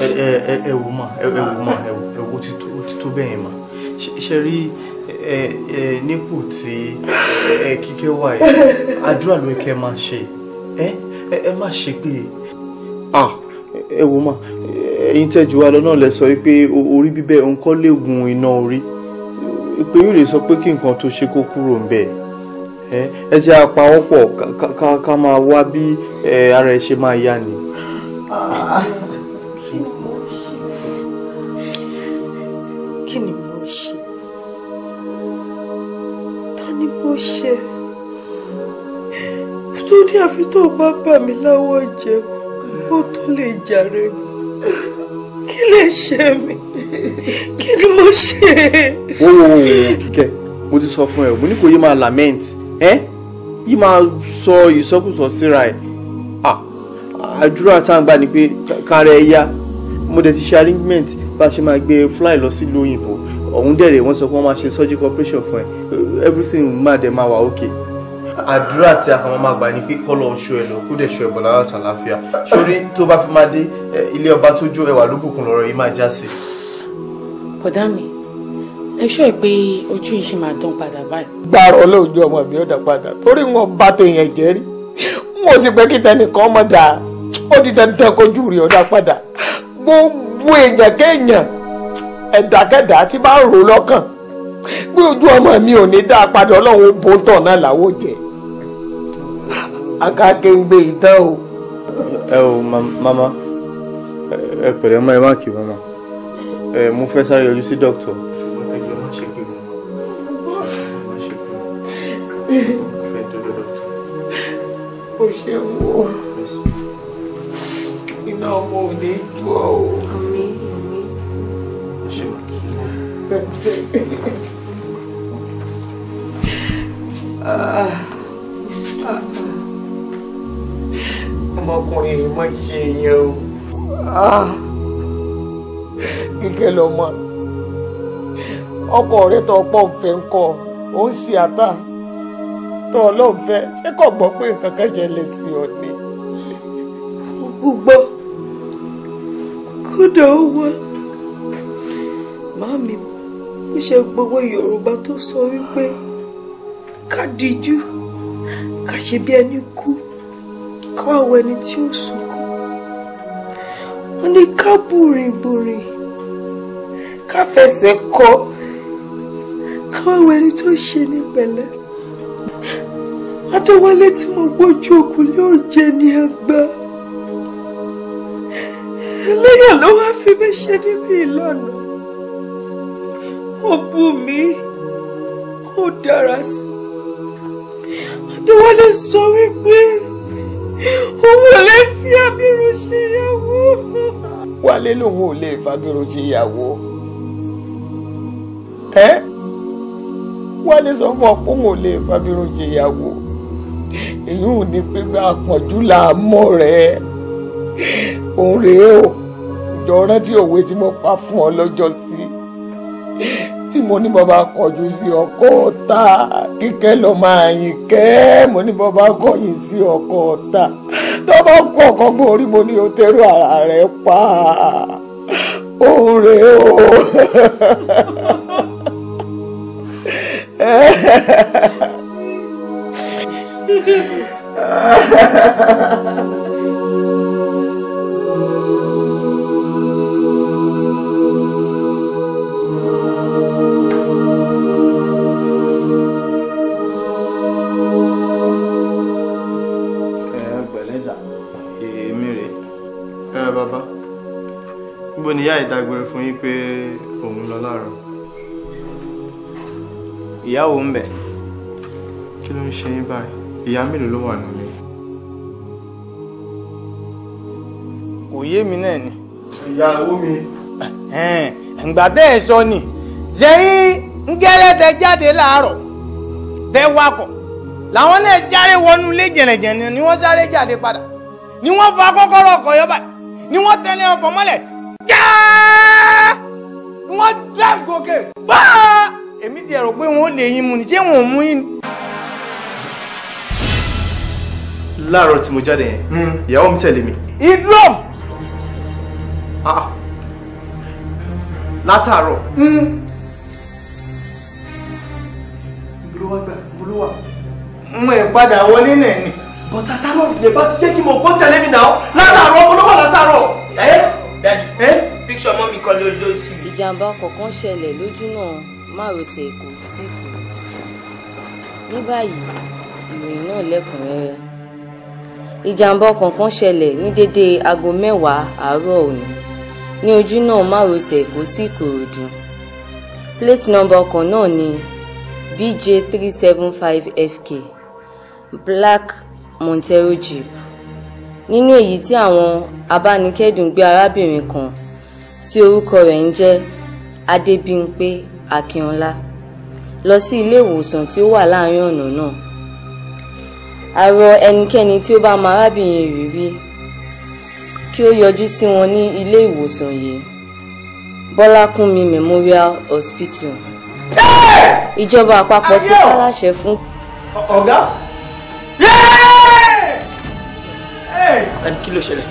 ẹ wò mà ẹ wò mà ẹ wò ti tó bẹ́ẹ̀ yẹn mà ṣe rí nípò tí kíkẹ́ wà yìí àdúrà ló kẹ́ máa ṣe ẹ má ṣe pé ẹ wò mà ẹ̀yin tẹ́jú wa lọ náà lẹ sọ pé orí bíbẹ́ òun kọ́ lè gun iná orí pé yóò lè sọ pé kí nǹkan tó ṣe kó kúrò ń bẹ́ẹ̀ ẹ ṣe àpawọ́pọ̀ ká máa wá bí ara ẹ ṣe máa yá ni. kí ni mo ṣe ta ni mo ṣe tó ní àfi tó bá bà mí láwọ̀ jẹ kó tó lè jàre kí lè ṣe mí kí ni mo ṣe. wo wo wo kíkẹ́ mo ti sọ fún ẹ mo ní kò yé máa lament ẹ eh? yìí máa sọ ìsọkúsọ síra ẹ àdúrà tá à ń gbà ni pé kára ẹ yá mo dẹ̀ ti ṣe arrangement bá a ṣe máa gbé fly lọ sílùú òyìnbó ọ̀hún dẹ̀rẹ̀ wọ́n sọ pé wọ́n máa ṣe surgical operation fún ẹ everything máa dẹ̀ máa wà okay. àdúrà tí a kàn máa gbà ni pé kọ́lọ̀ ń ṣọ́ ẹ lọ kó dẹ̀ ṣọ́ ẹ bọ̀ lára ọ̀tàn láfíà sórí tó bá fi máa dé eh, ilé ọba tó jó ẹwà lóbùkún lọ́rọ̀ yìí máa já sí. bọ̀dá ẹ ṣọ́ ẹ pé ojú yìí ṣì máa dán padà báyìí. gbàrọ olóòjú ọmọ mi ò dá padà torí wọn bá tèèyàn jẹ rí mo sì pé kí tẹnìkan ọmọ dà ó di dandan kojú rí ọdá padà gbogbo èèyàn kéèyàn ẹ̀dákẹ́dá tí bá rò lọ́kàn pé ojú ọmọ mi ò ní dá padà ọlọ́run bó ń tàn náà làwọn ò jẹ akáké ń gbé ìtàn e o. ẹ o mama ẹ pẹ̀lẹ́ mọ́ ẹ má kí mama ẹ mo fẹ́ sáré yọjú sí dókítà. o ṣeun o iná ọmọ ò ní tó ọ o. ọmọkùnrin yìí mọ̀ ṣe èèyàn o kíkẹ́ ah. lọ́mọ ọkọ rẹ̀ tó ọ̀pọ̀ nfẹ́ ó ń ṣe àtà tó ọlọ́run fẹ́ ṣé kò gbọ́ pé nǹkan kan ṣẹlẹ̀ sí ọ ni. gbogbo kódà ó wá màmí ń ṣe gbogbo yorùbá tó sọ wípé ká díjú ká ṣe bí ẹni kú ká wọ ẹni tí ó sunkún wọn ní ká bùrìbùrì ká fẹsẹ̀ kọ ká wọ ẹni tó ṣe ní pẹ̀lẹ́. Adéwálé tí mo gbójú okùn yóò jẹ ní àgbà. Ẹlẹ́yà ló wá fi mí ṣe níbi ìlànà. Ó bú mi, ó dára sí. Adéwálé sọ wípé òun ò lè fi abirùn ṣe ìyàwó. Wálé lòun ò lè fabirùn jẹ ìyàwó. Ẹ́ Wálé sọ fún ọ pé òun ò lè fabirùn jẹ ìyàwó èyí ò ní pé bá a pọ̀jù là á mọ̀ rẹ̀ òun rèé o ìjọ rántí òwe tí mo pa fún ọ lọ́jọ́ sí tí mo ní bàbá kọjú sí ọkọ ọ̀tá kíkẹ́ lọ máa yìn kẹ́ mo ní bàbá kọyìn sí ọkọ ọ̀tá tó bá kú ọkàn gbòórí mo ní o tẹ́rù ara rẹ̀ pa òun rèé o. Ha ha ha dágbére fún yín pé òun lọ láàárọ̀. ìyàwó ń bẹ kí ló ń ṣe yín báyìí. ìyá mélòó ló wà nílé. òye mi náà ni. ìyàwó mi. ǹgbà bẹ́ẹ̀ ẹ sọ ni ṣẹ́yìn ń gẹ́lẹ́ tẹ jáde láàárọ̀ tẹ wakọ̀ làwọn náà jáde wọnú ilé jẹ̀nẹ̀jẹ̀nẹ̀ ni wọ́n sáré jáde padà ni wọ́n fa kọ́kọ́rọ́ ọkọ̀ yọba ni wọ́n tẹ̀lé ọkọ̀ mọ́lẹ̀ jáá wọ́n dá gòkè báà èmi ti ẹ̀rọ pé wọ́n lè yín mu ni ṣé wọ́n mú yín ni. láàárọ̀ tí mo jáde yẹn hmm. ìyàwó mi tẹ̀lé mi. he drove. Ah, ah. látàárọ̀. ibi ló wá gbà ibi ló wà. mo ẹ̀ padà wọlé náà ni. bọ́tà tààrọ̀ ìyẹn bá ti jẹ́ kí mo gbọ́ tẹ̀lé mi náà látàárọ̀ ọmọ ló wà látàárọ̀. ẹ eh? dadi eh? picture mọ́ mi kan ló ló sí. ìjàmbá kọ̀ọ̀kan ṣẹlẹ̀ lójúnà márosẹ̀ èkó sí èkó ní báyìí ìròyìn náà lẹ́kùnrẹ́rẹ́ ìjàmbá ọkọ̀ kan ṣẹlẹ̀ ní dédé aago mẹ́wàá àárọ̀ òní ní ojúnà márosẹ̀ èkó sí ìkòròdú plate number ọkọ̀ náà ni bj three seven five fk black montero jeep nínú èyí tí àwọn abánikẹ́dùn gbé arábìnrin kan tí orúkọ rẹ̀ ń jẹ́ adébímpé akínọlá lọ sí ilé ìwòsàn tí ó wà láàrin ọ̀nà náà àrọ ẹnikẹ́ni tí ó bá mọ arábìnrin yìí rí kí ó yọjú sí wọn ní ilé ìwòsàn yìí bọ́lákúnmi memorial hospital ìjọba àpapọ̀ ti kálàṣẹ fún. ọ̀gá kí ló ṣẹlẹ̀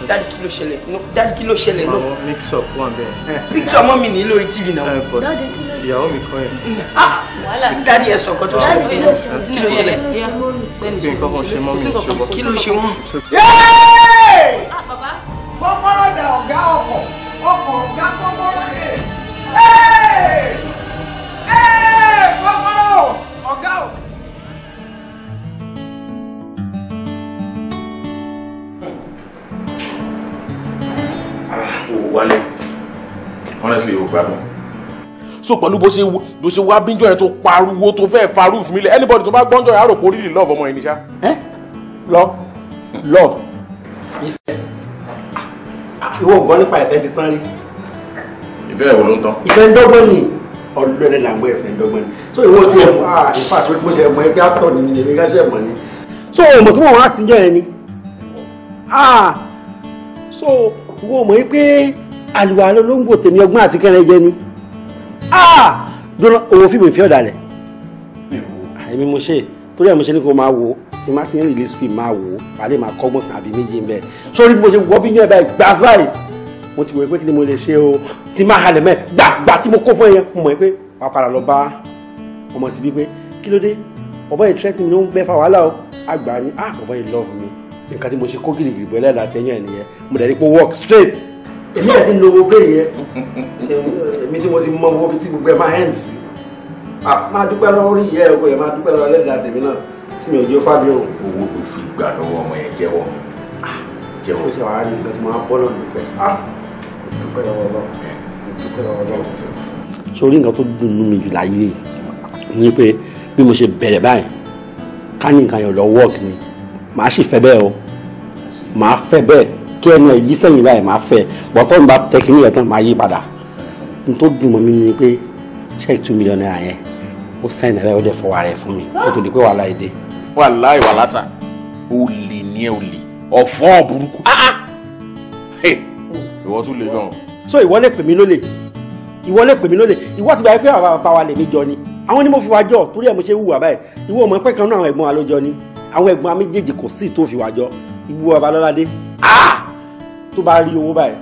sọ dáàdì kí ló ṣẹlẹ̀ dáàdì kí ló ṣẹlẹ̀ náà. mix up one day. picture mọ́ mi ní lórí tv náà. Eh, dáàdì kí ló ṣẹlẹ̀ ìyàwó mi kọ́ yẹn. Mm, ah, dáàdì ẹ sọ nǹkan tó ṣẹlẹ̀ kí ló ṣẹlẹ̀. kí nǹkan kan ṣe mọ́ mi ṣọwọ́. kí ló ṣe wọ́n. kọ́kọ́rọ́ ah, da ọ̀gá ọkọ̀. wálẹ̀ honestly ò gbádùn. so pẹ̀lú bó ṣe bó ṣe wá bíjọ́ yẹn tó pariwo tó fẹ́ farú fún mi lẹ̀ anybody tó bá gbọ́njọ́ yẹn á rò love ọmọ yẹn ni ṣá. love love. ìfẹ́ ìwọ ò gbọ́ nípa ìfẹ́ ti tán rí. ìfẹ́ ìwọ ló ń tán. ìfẹ́ ń dọ́gbọ́n ni ọlọ́rẹ́ là ń gbọ́ ìfẹ́ ń dọ́gbọ́n ni so ìwọ ti ẹ̀ ah in fact mo ṣe mọ ẹgbẹ́ àtọ̀ ni mi ni èmi gáṣẹ́ mọ́ ni. so òmò tí mo wá ti jẹ́ yẹn ni ah so wọ́n mọ̀ pé àlùwà lọ́lọ́gbò tèmi ọgbọ́n àti kẹrẹ jẹ ni ah! dúró owó fíìmù ìfẹ́ ọ̀dà rẹ̀ ah, èmi mo ṣe torí ẹ̀ mo ṣe ní kó máa wò ó tí má ti ń release film máa wò ó pàdé máa kọ́gbọ́n kan àbí méjì ń bẹ̀ sórí mo ṣe wọ́ bí yẹn báyìí gbà báyìí mo ti wò pé kí ni mo lè ṣe o tí má halẹ̀ mẹ́ gbàgbà tí mo kó fún ẹyẹ mo mọ̀ pé wà á padà lọ bá ọmọ tìbí pé kí ló dé ọ̀bọ yìí tírẹ́tì mi ló ń gbẹ́ fa wàhálà o àgbà ni ah ọ̀bọ yìí love me nǹkan tí mo ṣe kó gìrìgìrì bọ́ ẹlẹ́dàá ti ẹyàn ẹ̀nìyẹn mo dẹ̀ ní pé work straight èmi náà ti ń lo owó bẹ́ẹ̀ yẹn èmi tí mo ti mọ owó tí gbogbo ẹ̀ máa hẹ́ǹd sí máa dúpẹ́ lọ́wọ́ rí ìyá ẹ̀kọ́ yẹn máa dúpẹ́ lọ́wọ́ ẹlẹ́dàá tèmi náà tí mi ò jẹ́ fábíò. owó tó fi gbà lọ́wọ́ ọmọ yẹn jẹ́wọ́ ah, jẹ́wọ́. ó sì wá rí nǹkan tí mo máa bọ́ lọ́nà dúpẹ́ ah, dúpẹ́ lọ́wọ́ lọ́wọ́ sórí nǹkan tó dùn mí jù láyé ni pé bí mo ṣe bẹ̀rẹ̀ báyìí ká ní nǹkan yẹn lọ wọ́ọ̀kì ni màá sì fẹ́ bẹ́ẹ̀ o màá fẹ́ bẹ́ẹ̀ kí ẹnu ẹ yí sẹ́yìn báyìí màá fẹ́ bọ́tọ́ nígbà tẹkínì yẹn tán màá yí padà n tó dùn mọ́ mi ni pé ṣẹ́ẹ̀kì two million naira yẹn ó sẹ́yìn náírà ó dẹ̀ fọwọ́ rẹ̀ fún mi ó tó di pé wàhálà èdè. wàhálà ìwàlátà olè ní ẹ olè ọ̀fọ́n burúkú ah, ah. ìwọ tún lè gan. so ìwọ lè pè mí lólè ìwọ lè pè mí lólè ìwọ ti gba pé àwọn bàbá wa lè mí jọ ni àwọn ni mo fi wa jọ torí ẹ̀ mo ṣe wù wà báyìí ìwọ mọ̀ pẹ́ kan náà àwọn ẹ̀gbọ́n wa ló jọ ni àwọn ẹ̀gbọ́n méjèèjì kò sí tó fi wà jọ ibú babalọ́ládé ah! tó bá rí owó báyìí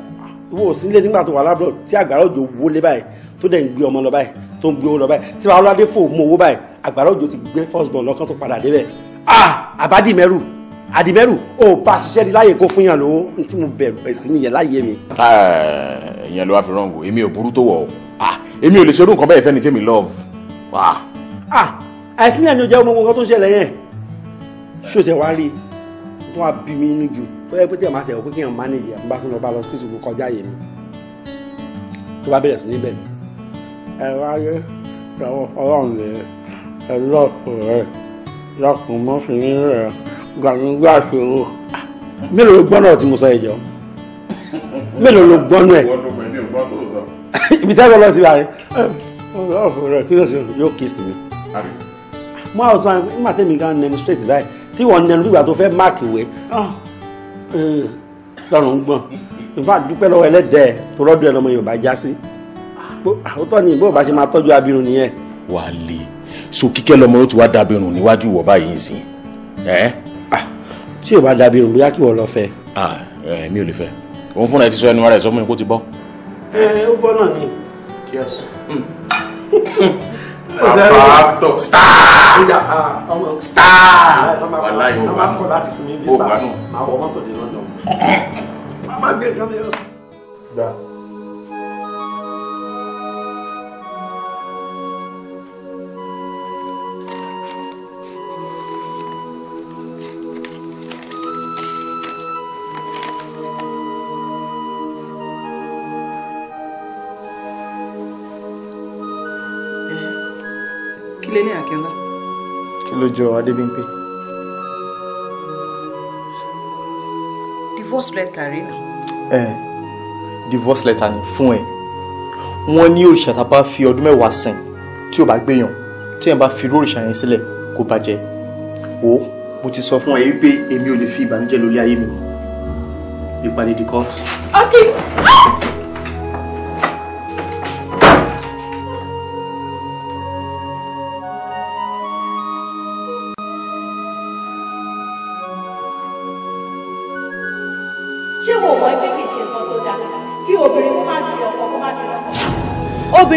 ìwọ ò sí nílé nígbà tó wà lábúrò tí àgbàrá òjò wọlé báyìí tó dẹ̀ ń gbé ọmọ lọ báyìí tó ń gbé owó lọ báyìí tí babalọ́ládé fò mú owó báyìí àgbàrá òjò ti gbé first born lọ́kàn tó padà débẹ̀ ah! àbádìmẹ́rù àdìmẹ́rù ò bá ṣiṣẹ́ di láyè kó fún yàn lówó ní tí mo bẹ̀rù ẹ̀ sí nìyẹn láyè mi. Ah, ìyẹn ló wá fi rán o èmi ò burú tó wọ̀ ọ́ èmi ò lè ṣerú nǹkan bẹ́ẹ̀ fẹ́ni tèmi love. àìsí náà ni ó jẹ́ ọmọ nǹkan tó ń ṣẹlẹ̀ yẹn ṣòṣẹ wá rí tó wá bí mi inú jù bóyá pété ẹ̀ máa ṣe òkú kí èèyàn mánéjì ẹ̀ bá tún lọ bá lọ síkúsù kó kọjá yèmí tó bá bẹ̀rẹ̀ sí níbẹ̀ ni. ẹ wá ìyàwó ọlọ́run lè ẹ lọ́ọ̀kù rẹ lọ́ọ̀kù mọ́fìnrin rẹ gbàmígbà ṣòro. mélòó ló gbọ́n tí mo sọ ẹ̀jọ́ mélòó ló gbọ́n ẹ̀. ibi tẹ́lẹ̀ lọ ti bá yẹn rẹ kí ló ṣe yóò kí sí mi. mo àwọn sọ àwọn ìgbà tẹ́mi gan demonstrate báyìí tí wọ́n nẹnu bí ìgbà tó fẹ́ máàkì ìwé ah. lọ́rùn ń gbọ̀n nfa dúpẹ́ lọ́wọ́ ẹlẹ́dẹ̀ẹ́ tó rọ́dún ẹ lọ́mọ Yorùbá já sí àwòtọ́ ni ìbò bá ṣe máa tọ́jú abirùn nìyẹn. wà á lè so kíkẹ́ lọmọ ló ti wá dabirùn níwájú ìwọ báyìí ń sìn. Ah, tí o bá dabirùn bóyá kí wọ́n lọ fẹ́. mi ò lè fẹ́ òun fúnra ẹ ti sọ ẹnu ara ẹ sọ fún mi kó ti bọ́. ẹ ó bọ́ náà ni. cheers. actor star star wàhálà yìí ó bá nù ó bá nù. gba ló jọ Adébímpé. divorce letter rí eh ẹ divorce letter ni fún ẹ wọ́n ní òrìṣà tá a bá fi ọdún mẹ́wàá sìn tí ò bá gbéyàn tí ẹ bá fi róòrìṣà yẹn sílẹ̀ kó bàjẹ́ wò ó mo ti sọ fún ẹ wípé èmi ò lè fi ìbànújẹ́ lórí ayé mi ìpàdé di court. okay.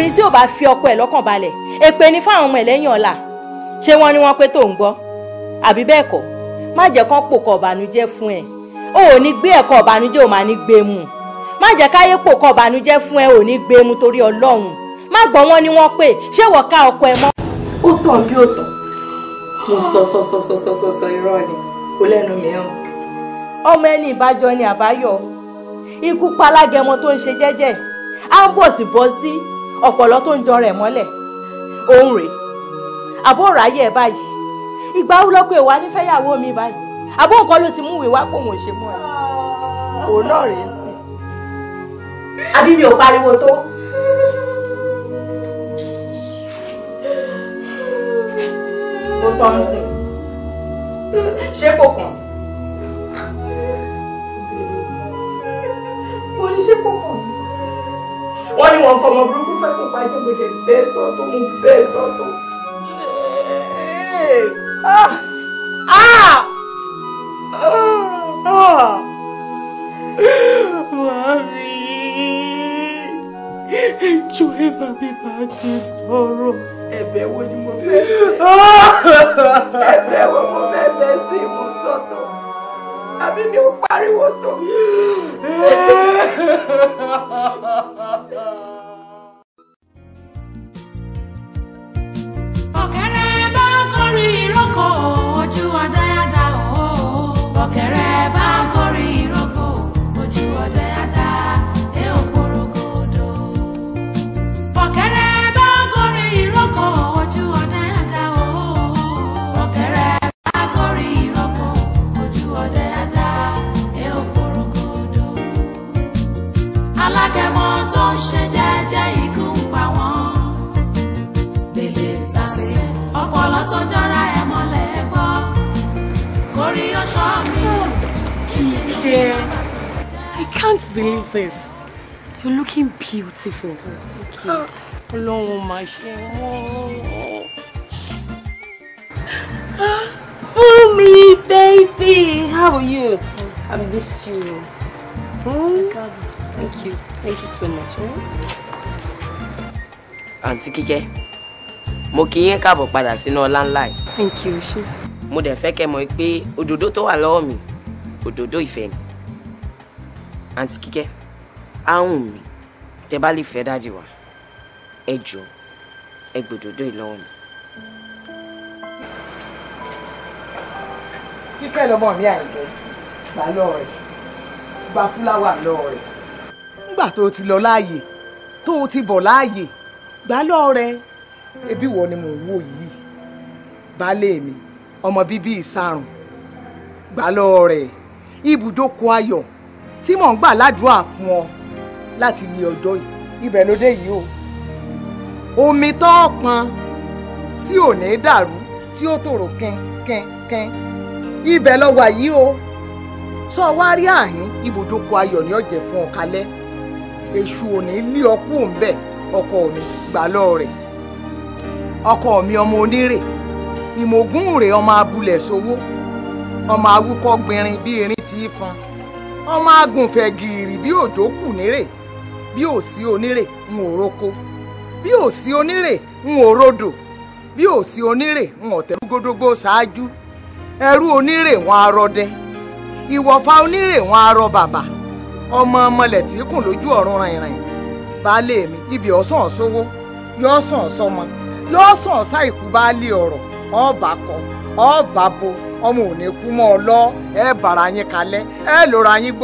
obìnrin tí ò bá fi ọkọ ẹ̀ lọ́kàn balẹ̀ èpè ni fáwọn ọmọ ẹ̀ lẹ́yìn ọ̀la ṣé wọ́n ní wọ́n pé tó ń gbọ́ àbí bẹ́ẹ̀ kọ́ má jẹ́ kán pò kọ́ ọ̀bànújẹ́ fún ẹ̀ o ò ní gbé ẹ̀kọ́ ọ̀bànújẹ́ ò máa ní gbé mu má jẹ́ káyé pò kọ́ ọ̀bànújẹ́ fún ẹ ò ní gbé mu torí ọlọ́run má gbọ́ wọn ni wọ́n pè ṣé wọ́n ká ọkọ ẹ mọ́. ó tàn bí ó tàn mo sọ sọ sọ sọ sọ sọ irọ́ ni kò lẹ́nu mìíràn. ọmọ ẹni ìbájọ ni àbáyọ ikú palágẹmọ tó ń ṣe jẹ́jẹ́ à ń bọ̀ sí bọ́ sí ọ̀pọ̀lọ́ tó ń jọ rẹ̀ mọ́lẹ̀ òun rèé àbó ráyè ẹ̀ báyìí ìgbà wo lọ́pọ̀ ìwà nífẹ̀yàwó mi báyìí àbó nǹkan ló ti mú ìwé wá pò wọ́n ṣe mọ́ ẹ òun náà rèé sí. àbí mi ò pariwo tó. ó tọ́ ń sìn ṣé kò kàn. ṣé kò kàn mí wọ́n ní wọ́n fọmọ burúkú fẹ́ kó pàjẹ́ mo lè bẹ́ẹ̀ sọ tó mo bẹ́ẹ̀ sọ tó. Ah! Ah! Ah! Mami, ẹjọ́ ẹ bá mi bá kí sọ̀rọ̀. Ẹ̀bẹ̀ wo ni mo fẹ́ bẹ̀? Ẹ̀bẹ̀ wo mo fẹ́ bẹ̀ sí ìmúsọ̀tọ̀? Àbí mi ò pariwo tó. ọ̀kẹ́rẹ́ bá kọrin ìrókò ojú adáyàdá o ọ̀kẹ́rẹ́ bá tó ẹ mọ́lẹ̀ ẹ gbọ́ kórí ọṣọ mi ìtìlú ìyàgbà tó kọjá. I can't believe this. You're looking beautiful. Thank ah, Ọlọ́run mà ṣe wọ́n. Fumi, ah, baby, how are you? I missed you. Hmm? Thank you. Thank you so much. Hmm? Auntie Kike mo kí yín káàbọ̀ padà sínú ọlá ńlá yìí. thank you ṣe. mo dẹ̀ fẹ́ kẹ́ mọ̀ pé òdòdó tó wà lọ́wọ́ mi òdòdó ìfẹ́ ni àǹtí kíkẹ́ áhùn mi tẹ bá lè fẹ́ dájú wa ẹ jọ ẹ gbòdòdó ìlọ́wọ́ mi. kíkẹ́ lọ́mọ mi àìkẹ́ gbà lọ́ọ̀ rẹ̀ fúláwà lọ́ọ̀ nígbà tó ti lọ láàyè tó ti bọ̀ láàyè gbà lọ́ọ̀ ebi wọ ni mò ń wò yìí baálé mi ọmọ bíbí ìsarùn gbà lọ́wọ́ rẹ̀ ibùdókọ̀ ayọ̀ tí mò ń gbà ládùúrà fún ọ láti yí ọjọ́ yìí ibẹ̀ ló dé yìí o omi tó pọn tí ò ní dàrú tí ó tòrò kẹ́ńkẹ́ńkẹ́ń ibẹ̀ ló wà yìí o sọ wá rí àhín ibùdókọ̀ ayọ̀ ní ọ̀jẹ̀ fún ọ̀kalẹ́ èṣù ò ní lé ọkú òun ọkọ ò ní gbà lọ́ọ́ ọkọ mi ọmọ onírè ìmọ̀gún rè ọmọ abúlẹ̀ sowó ọmọ awúkọ́ gbinrin bí irin tí í fan ọmọ agùnfẹ̀ gìrì bí òjò kù nírè bí ò sí onírè ń ò roko bí ò sí onírè ń ò rodò bí ò sí onírè ń ọ̀tẹ̀ gbódógbó ṣáájú ẹrú onírè wọn arọdẹ ìwọ̀fà onírè wọn arọ bàbà ọmọ ọmọlẹ̀ tí kùn lójú ọ̀run rìnrìn baálé mi ibi ọ̀sán ọ̀sọ́wó yọ ọ̀sán ọ̀sọ́mọ. yóò sàn ṣàìkú bá lé ọ̀rọ̀ ọba kọ ọba bo ọmọ òní kú mọ́ ọ lọ ẹ bàrà yín kalẹ̀ ẹ lọ́ra yín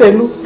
pelo